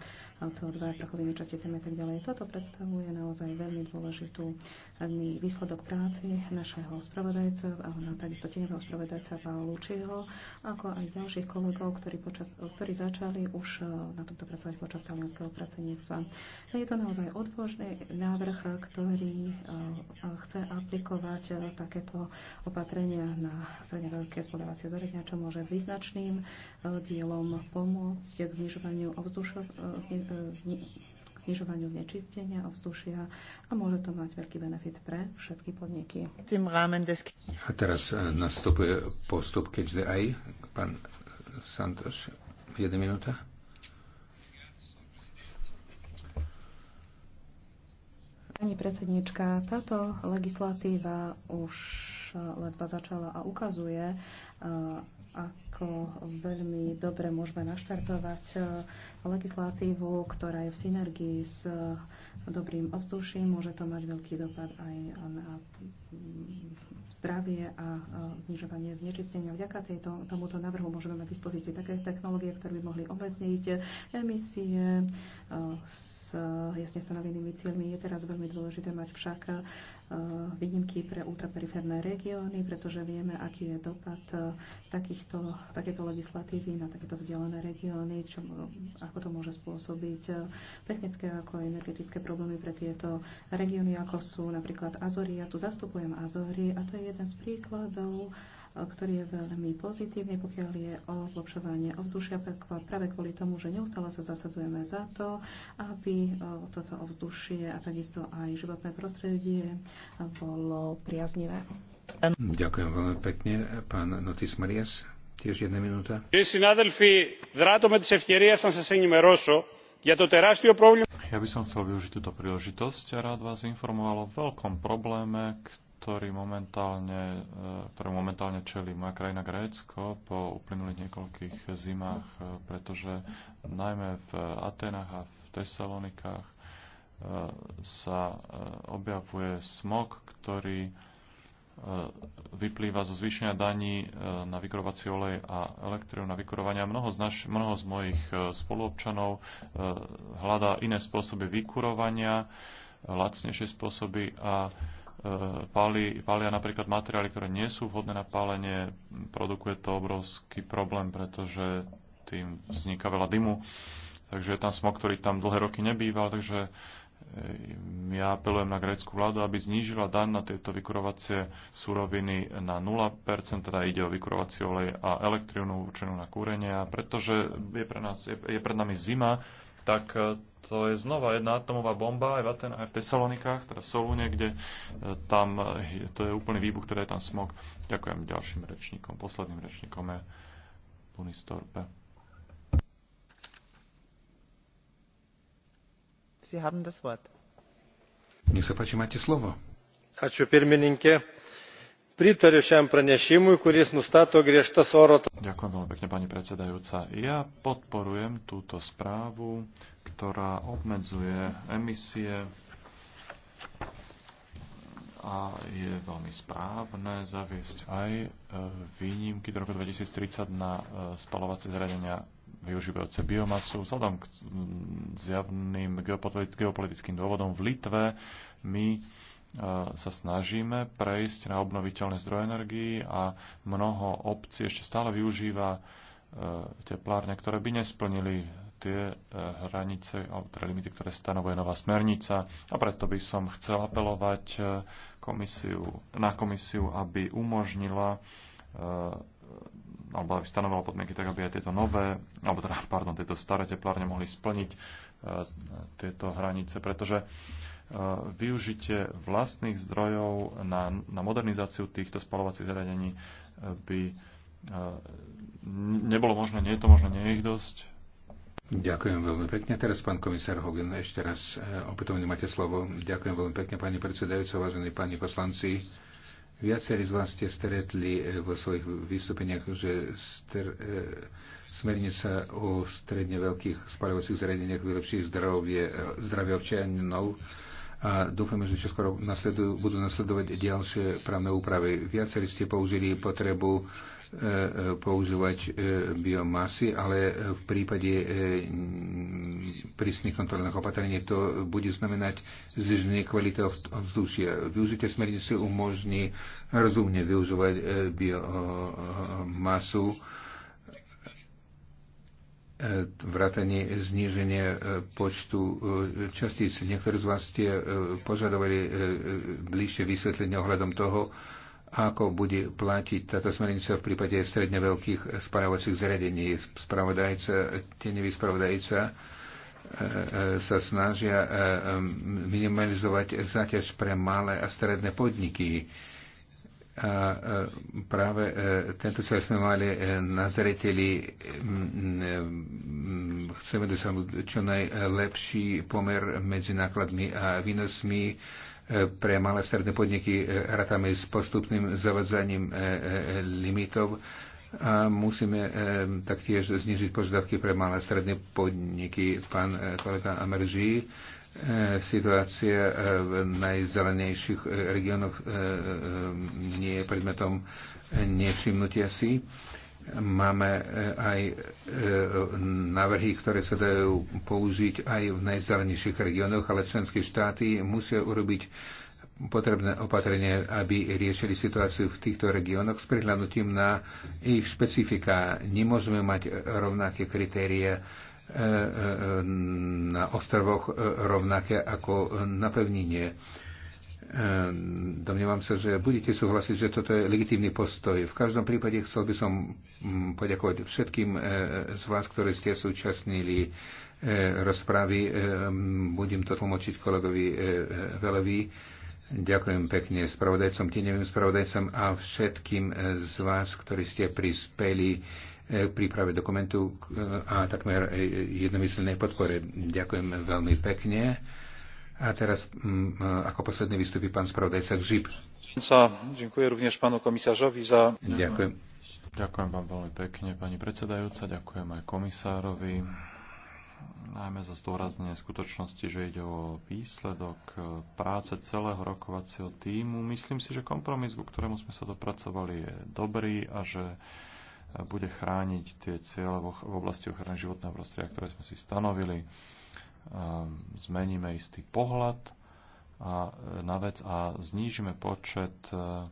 CO2, prachovými časticami a tak ďalej. Toto predstavuje naozaj veľmi dôležitú eh, výsledok práce našeho spravodajca, ale no, takisto tieňového spravodajca Lučieho, ako aj ďalších kolegov, ktorí, počas, ktorí začali už eh, na tomto pracovať počas talianského pracovníctva. Je to naozaj odvážny návrh, ktorý eh, chce aplikovať takéto opatrenia na stredne veľké spodávacie zariadenia, čo môže význačným dielom pomôcť k znižovaniu ovzdušia, e, e, znižovaniu znečistenia ovzdušia a môže to mať veľký benefit pre všetky podniky. A teraz e, nastupuje postup aj Pán Santos, jedna minúta. Pani predsednička, táto legislatíva už ledva začala a ukazuje, e, ako veľmi dobre môžeme naštartovať e, legislatívu, ktorá je v synergii s e, dobrým ovzduším. Môže to mať veľký dopad aj na mm, zdravie a znižovanie znečistenia. Vďaka tejto, tomuto návrhu môžeme mať v dispozícii také technológie, ktoré by mohli obezniť emisie s jasne stanovenými cieľmi. Je teraz veľmi dôležité mať však e, výnimky pre ultraperiférne regióny, pretože vieme, aký je dopad e, takýchto, takéto legislatívy na takéto vzdialené regióny, čo, ako to môže spôsobiť e, technické ako energetické problémy pre tieto regióny, ako sú napríklad Azory. Ja tu zastupujem Azory a to je jeden z príkladov, ktorý je veľmi pozitívny, pokiaľ je o zlepšovanie ovzdušia práve kvôli tomu, že neustále sa zasadzujeme za to, aby e, toto ovzdušie a takisto aj životné prostredie bolo priaznivé. Ďakujem veľmi pekne. Pán Notis Marias, tiež jedna minúta. Ja by som chcel využiť túto príležitosť a rád vás informoval o veľkom probléme, ktorý momentálne, e, ktoré momentálne čelí moja krajina Grécko po uplynulých niekoľkých zimách, e, pretože najmä v Atenách a v Tesalonikách e, sa objavuje smog, ktorý vyplýva zo zvýšenia daní na vykurovací olej a elektrínu na vykurovanie. Mnoho z, naš, mnoho z mojich spoluobčanov hľadá iné spôsoby vykurovania, lacnejšie spôsoby a Pali, palia napríklad materiály, ktoré nie sú vhodné na pálenie, produkuje to obrovský problém, pretože tým vzniká veľa dymu, takže je tam smog, ktorý tam dlhé roky nebýval, takže e, ja apelujem na grécku vládu, aby znížila daň na tieto vykurovacie suroviny na 0%, teda ide o vykurovacie olej a elektrínu určenú na kúrenie, a pretože je, pre nás, je, je pred nami zima, tak e, to je znova jedna atomová bomba aj v, Aten, aj v Tesalonikách, teda v Solúne, kde e, tam e, to je úplný výbuch, ktorý teda je tam smog. Ďakujem ďalším rečníkom. Posledným rečníkom je Punistorpe. Sie haben das Wort. Nech sa páči, máte slovo. Ačiū pirmininkė pritariu šiam pranešimui kuris nustato griežtas oro. ďakujem veľmi pekne pani predsedajúca ja podporujem túto správu ktorá obmedzuje emisie a je veľmi správne zaviesť aj e, výnimky do roku 2030 na e, spalovacie zariadenia využívajúce biomasu. Vzhľadom k zjavným geopolitickým dôvodom v Litve my sa snažíme prejsť na obnoviteľné zdroje energii a mnoho obcí ešte stále využíva e, teplárne, ktoré by nesplnili tie e, hranice, alebo teda limity, ktoré stanovuje nová smernica. A preto by som chcel apelovať e, komisiu, na komisiu, aby umožnila alebo aby stanovila podmienky tak, aby aj tieto nové, alebo teda, pardon, tieto staré teplárne mohli splniť tieto hranice, pretože E, využitie vlastných zdrojov na, na modernizáciu týchto spalovacích zariadení e, by e, nebolo možné, nie je to možné, nie je ich dosť. Ďakujem veľmi pekne. Teraz pán komisár Hogan, ešte raz opätovne máte slovo. Ďakujem veľmi pekne, pani predsedajúca, vážení páni poslanci. Viacerí z vás ste stretli vo svojich vystúpeniach, že ster, e, smernica o stredne veľkých spalovacích zariadeniach vylepší zdravie, zdravie občanov a dúfame, že čoskoro nasledujú, budú nasledovať ďalšie právne úpravy. Viacerí ste použili potrebu e, e, používať e, biomasy, ale v prípade prísnych kontrolných opatrení to bude znamenať zniženie kvality vzdušia. Využitie smernice umožní rozumne využívať biomasu vrátanie zníženie počtu e, častíc. Niektorí z vás ste e, požadovali e, bližšie vysvetlenie ohľadom toho, ako bude platiť táto smernica v prípade stredne veľkých spravovacích zariadení. Spravodajca, tenevý spravodajca sa snažia minimalizovať záťaž pre malé a stredné podniky a práve e, tento cieľ sme mali e, na zreteli. Chceme dosiahnuť čo najlepší pomer medzi nákladmi a výnosmi e, pre malé a stredné podniky. ratami s postupným zavadzaním limitov a musíme taktiež znižiť požiadavky pre malé a stredné podniky. Pán kolega Amerží E, situácia e, v najzelenejších e, regiónoch nie je predmetom nevšimnutia si. Máme aj návrhy, ktoré sa dajú použiť aj v najzelenejších regiónoch, ale členské štáty musia urobiť potrebné opatrenie, aby riešili situáciu v týchto regiónoch s prihľadnutím na ich špecifika. Nemôžeme mať rovnaké kritéria na ostrovoch e, rovnaké ako na pevnine. E, domnievam sa, že budete súhlasiť, že toto je legitímny postoj. V každom prípade chcel by som mm, poďakovať všetkým e, z vás, ktorí ste súčasnili rozpravy. Budem to tlmočiť kolegovi Velovi. Ďakujem pekne spravodajcom, tieňovým spravodajcom a všetkým z vás, ktorí ste prispeli k e, príprave dokumentu e, a takmer e, jednomyselnej podpore. Ďakujem veľmi pekne. A teraz mm, ako posledný vystupí pán spravodajca Gžip. Ďakujem rovnež pánu komisážovi za... Ďakujem. Ďakujem vám veľmi pekne, pani predsedajúca, ďakujem aj komisárovi, najmä za zdôraznenie skutočnosti, že ide o výsledok práce celého rokovacieho týmu. Myslím si, že kompromis, ku ktorému sme sa dopracovali, je dobrý a že bude chrániť tie cieľe v oblasti ochrany životného prostredia, ktoré sme si stanovili. Ehm, zmeníme istý pohľad a, e, na vec a znížime počet e,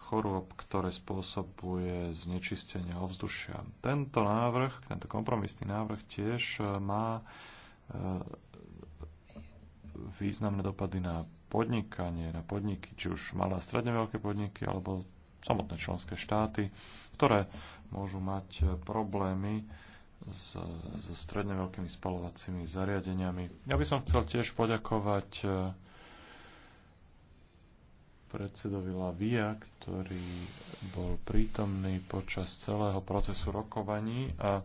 chorôb, ktoré spôsobuje znečistenie ovzdušia. Tento návrh, tento kompromisný návrh tiež e, má významné dopady na podnikanie, na podniky, či už malé a stredne veľké podniky, alebo samotné členské štáty, ktoré môžu mať e, problémy s, so stredne veľkými spalovacími zariadeniami. Ja by som chcel tiež poďakovať e, predsedovi Lavia, ktorý bol prítomný počas celého procesu rokovaní a e,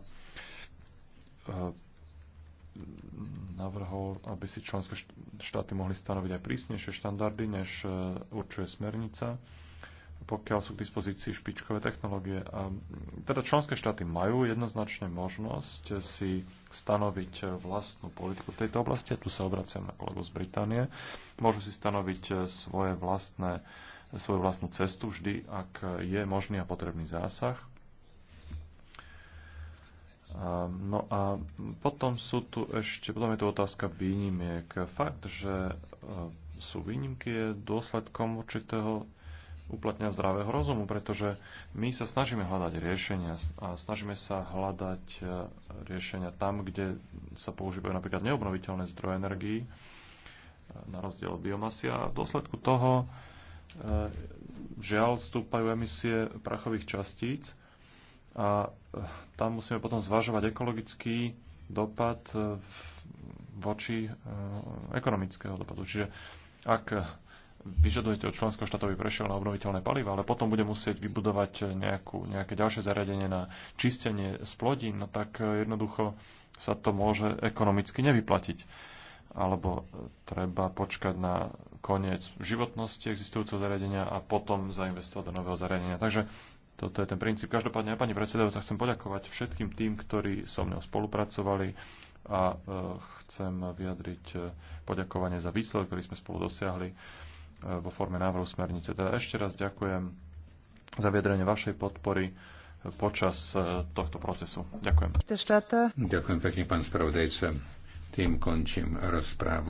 navrhol, aby si členské štáty mohli stanoviť aj prísnejšie štandardy, než určuje smernica pokiaľ sú k dispozícii špičkové technológie. A teda členské štáty majú jednoznačne možnosť si stanoviť vlastnú politiku v tejto oblasti. Tu sa obraciam na kolegu z Británie. Môžu si stanoviť svoje vlastné, svoju vlastnú cestu vždy, ak je možný a potrebný zásah. No a potom, sú tu ešte, potom je tu otázka výnimiek. Fakt, že e, sú výnimky, je dôsledkom určitého uplatňa zdravého rozumu, pretože my sa snažíme hľadať riešenia a snažíme sa hľadať e, riešenia tam, kde sa používajú napríklad neobnoviteľné zdroje energii, e, na rozdiel od biomasy a v dôsledku toho e, žiaľ stúpajú emisie prachových častíc a tam musíme potom zvažovať ekologický dopad voči ekonomického dopadu. Čiže ak vyžadujete od členského štátu, aby prešiel na obnoviteľné paliva, ale potom bude musieť vybudovať nejakú, nejaké ďalšie zariadenie na čistenie z plodín, no tak e, jednoducho sa to môže ekonomicky nevyplatiť. Alebo e, treba počkať na koniec životnosti existujúceho zariadenia a potom zainvestovať do nového zariadenia. Takže toto je ten princíp. Každopádne, ja pani predsedajúca, chcem poďakovať všetkým tým, ktorí so mnou spolupracovali a e, chcem vyjadriť poďakovanie za výsledok, ktorý sme spolu dosiahli vo forme návrhu smernice. Teda ešte raz ďakujem za vyjadrenie vašej podpory počas e, tohto procesu. Ďakujem. Ďakujem pekne, pán spravodajca. Tým končím rozprávu.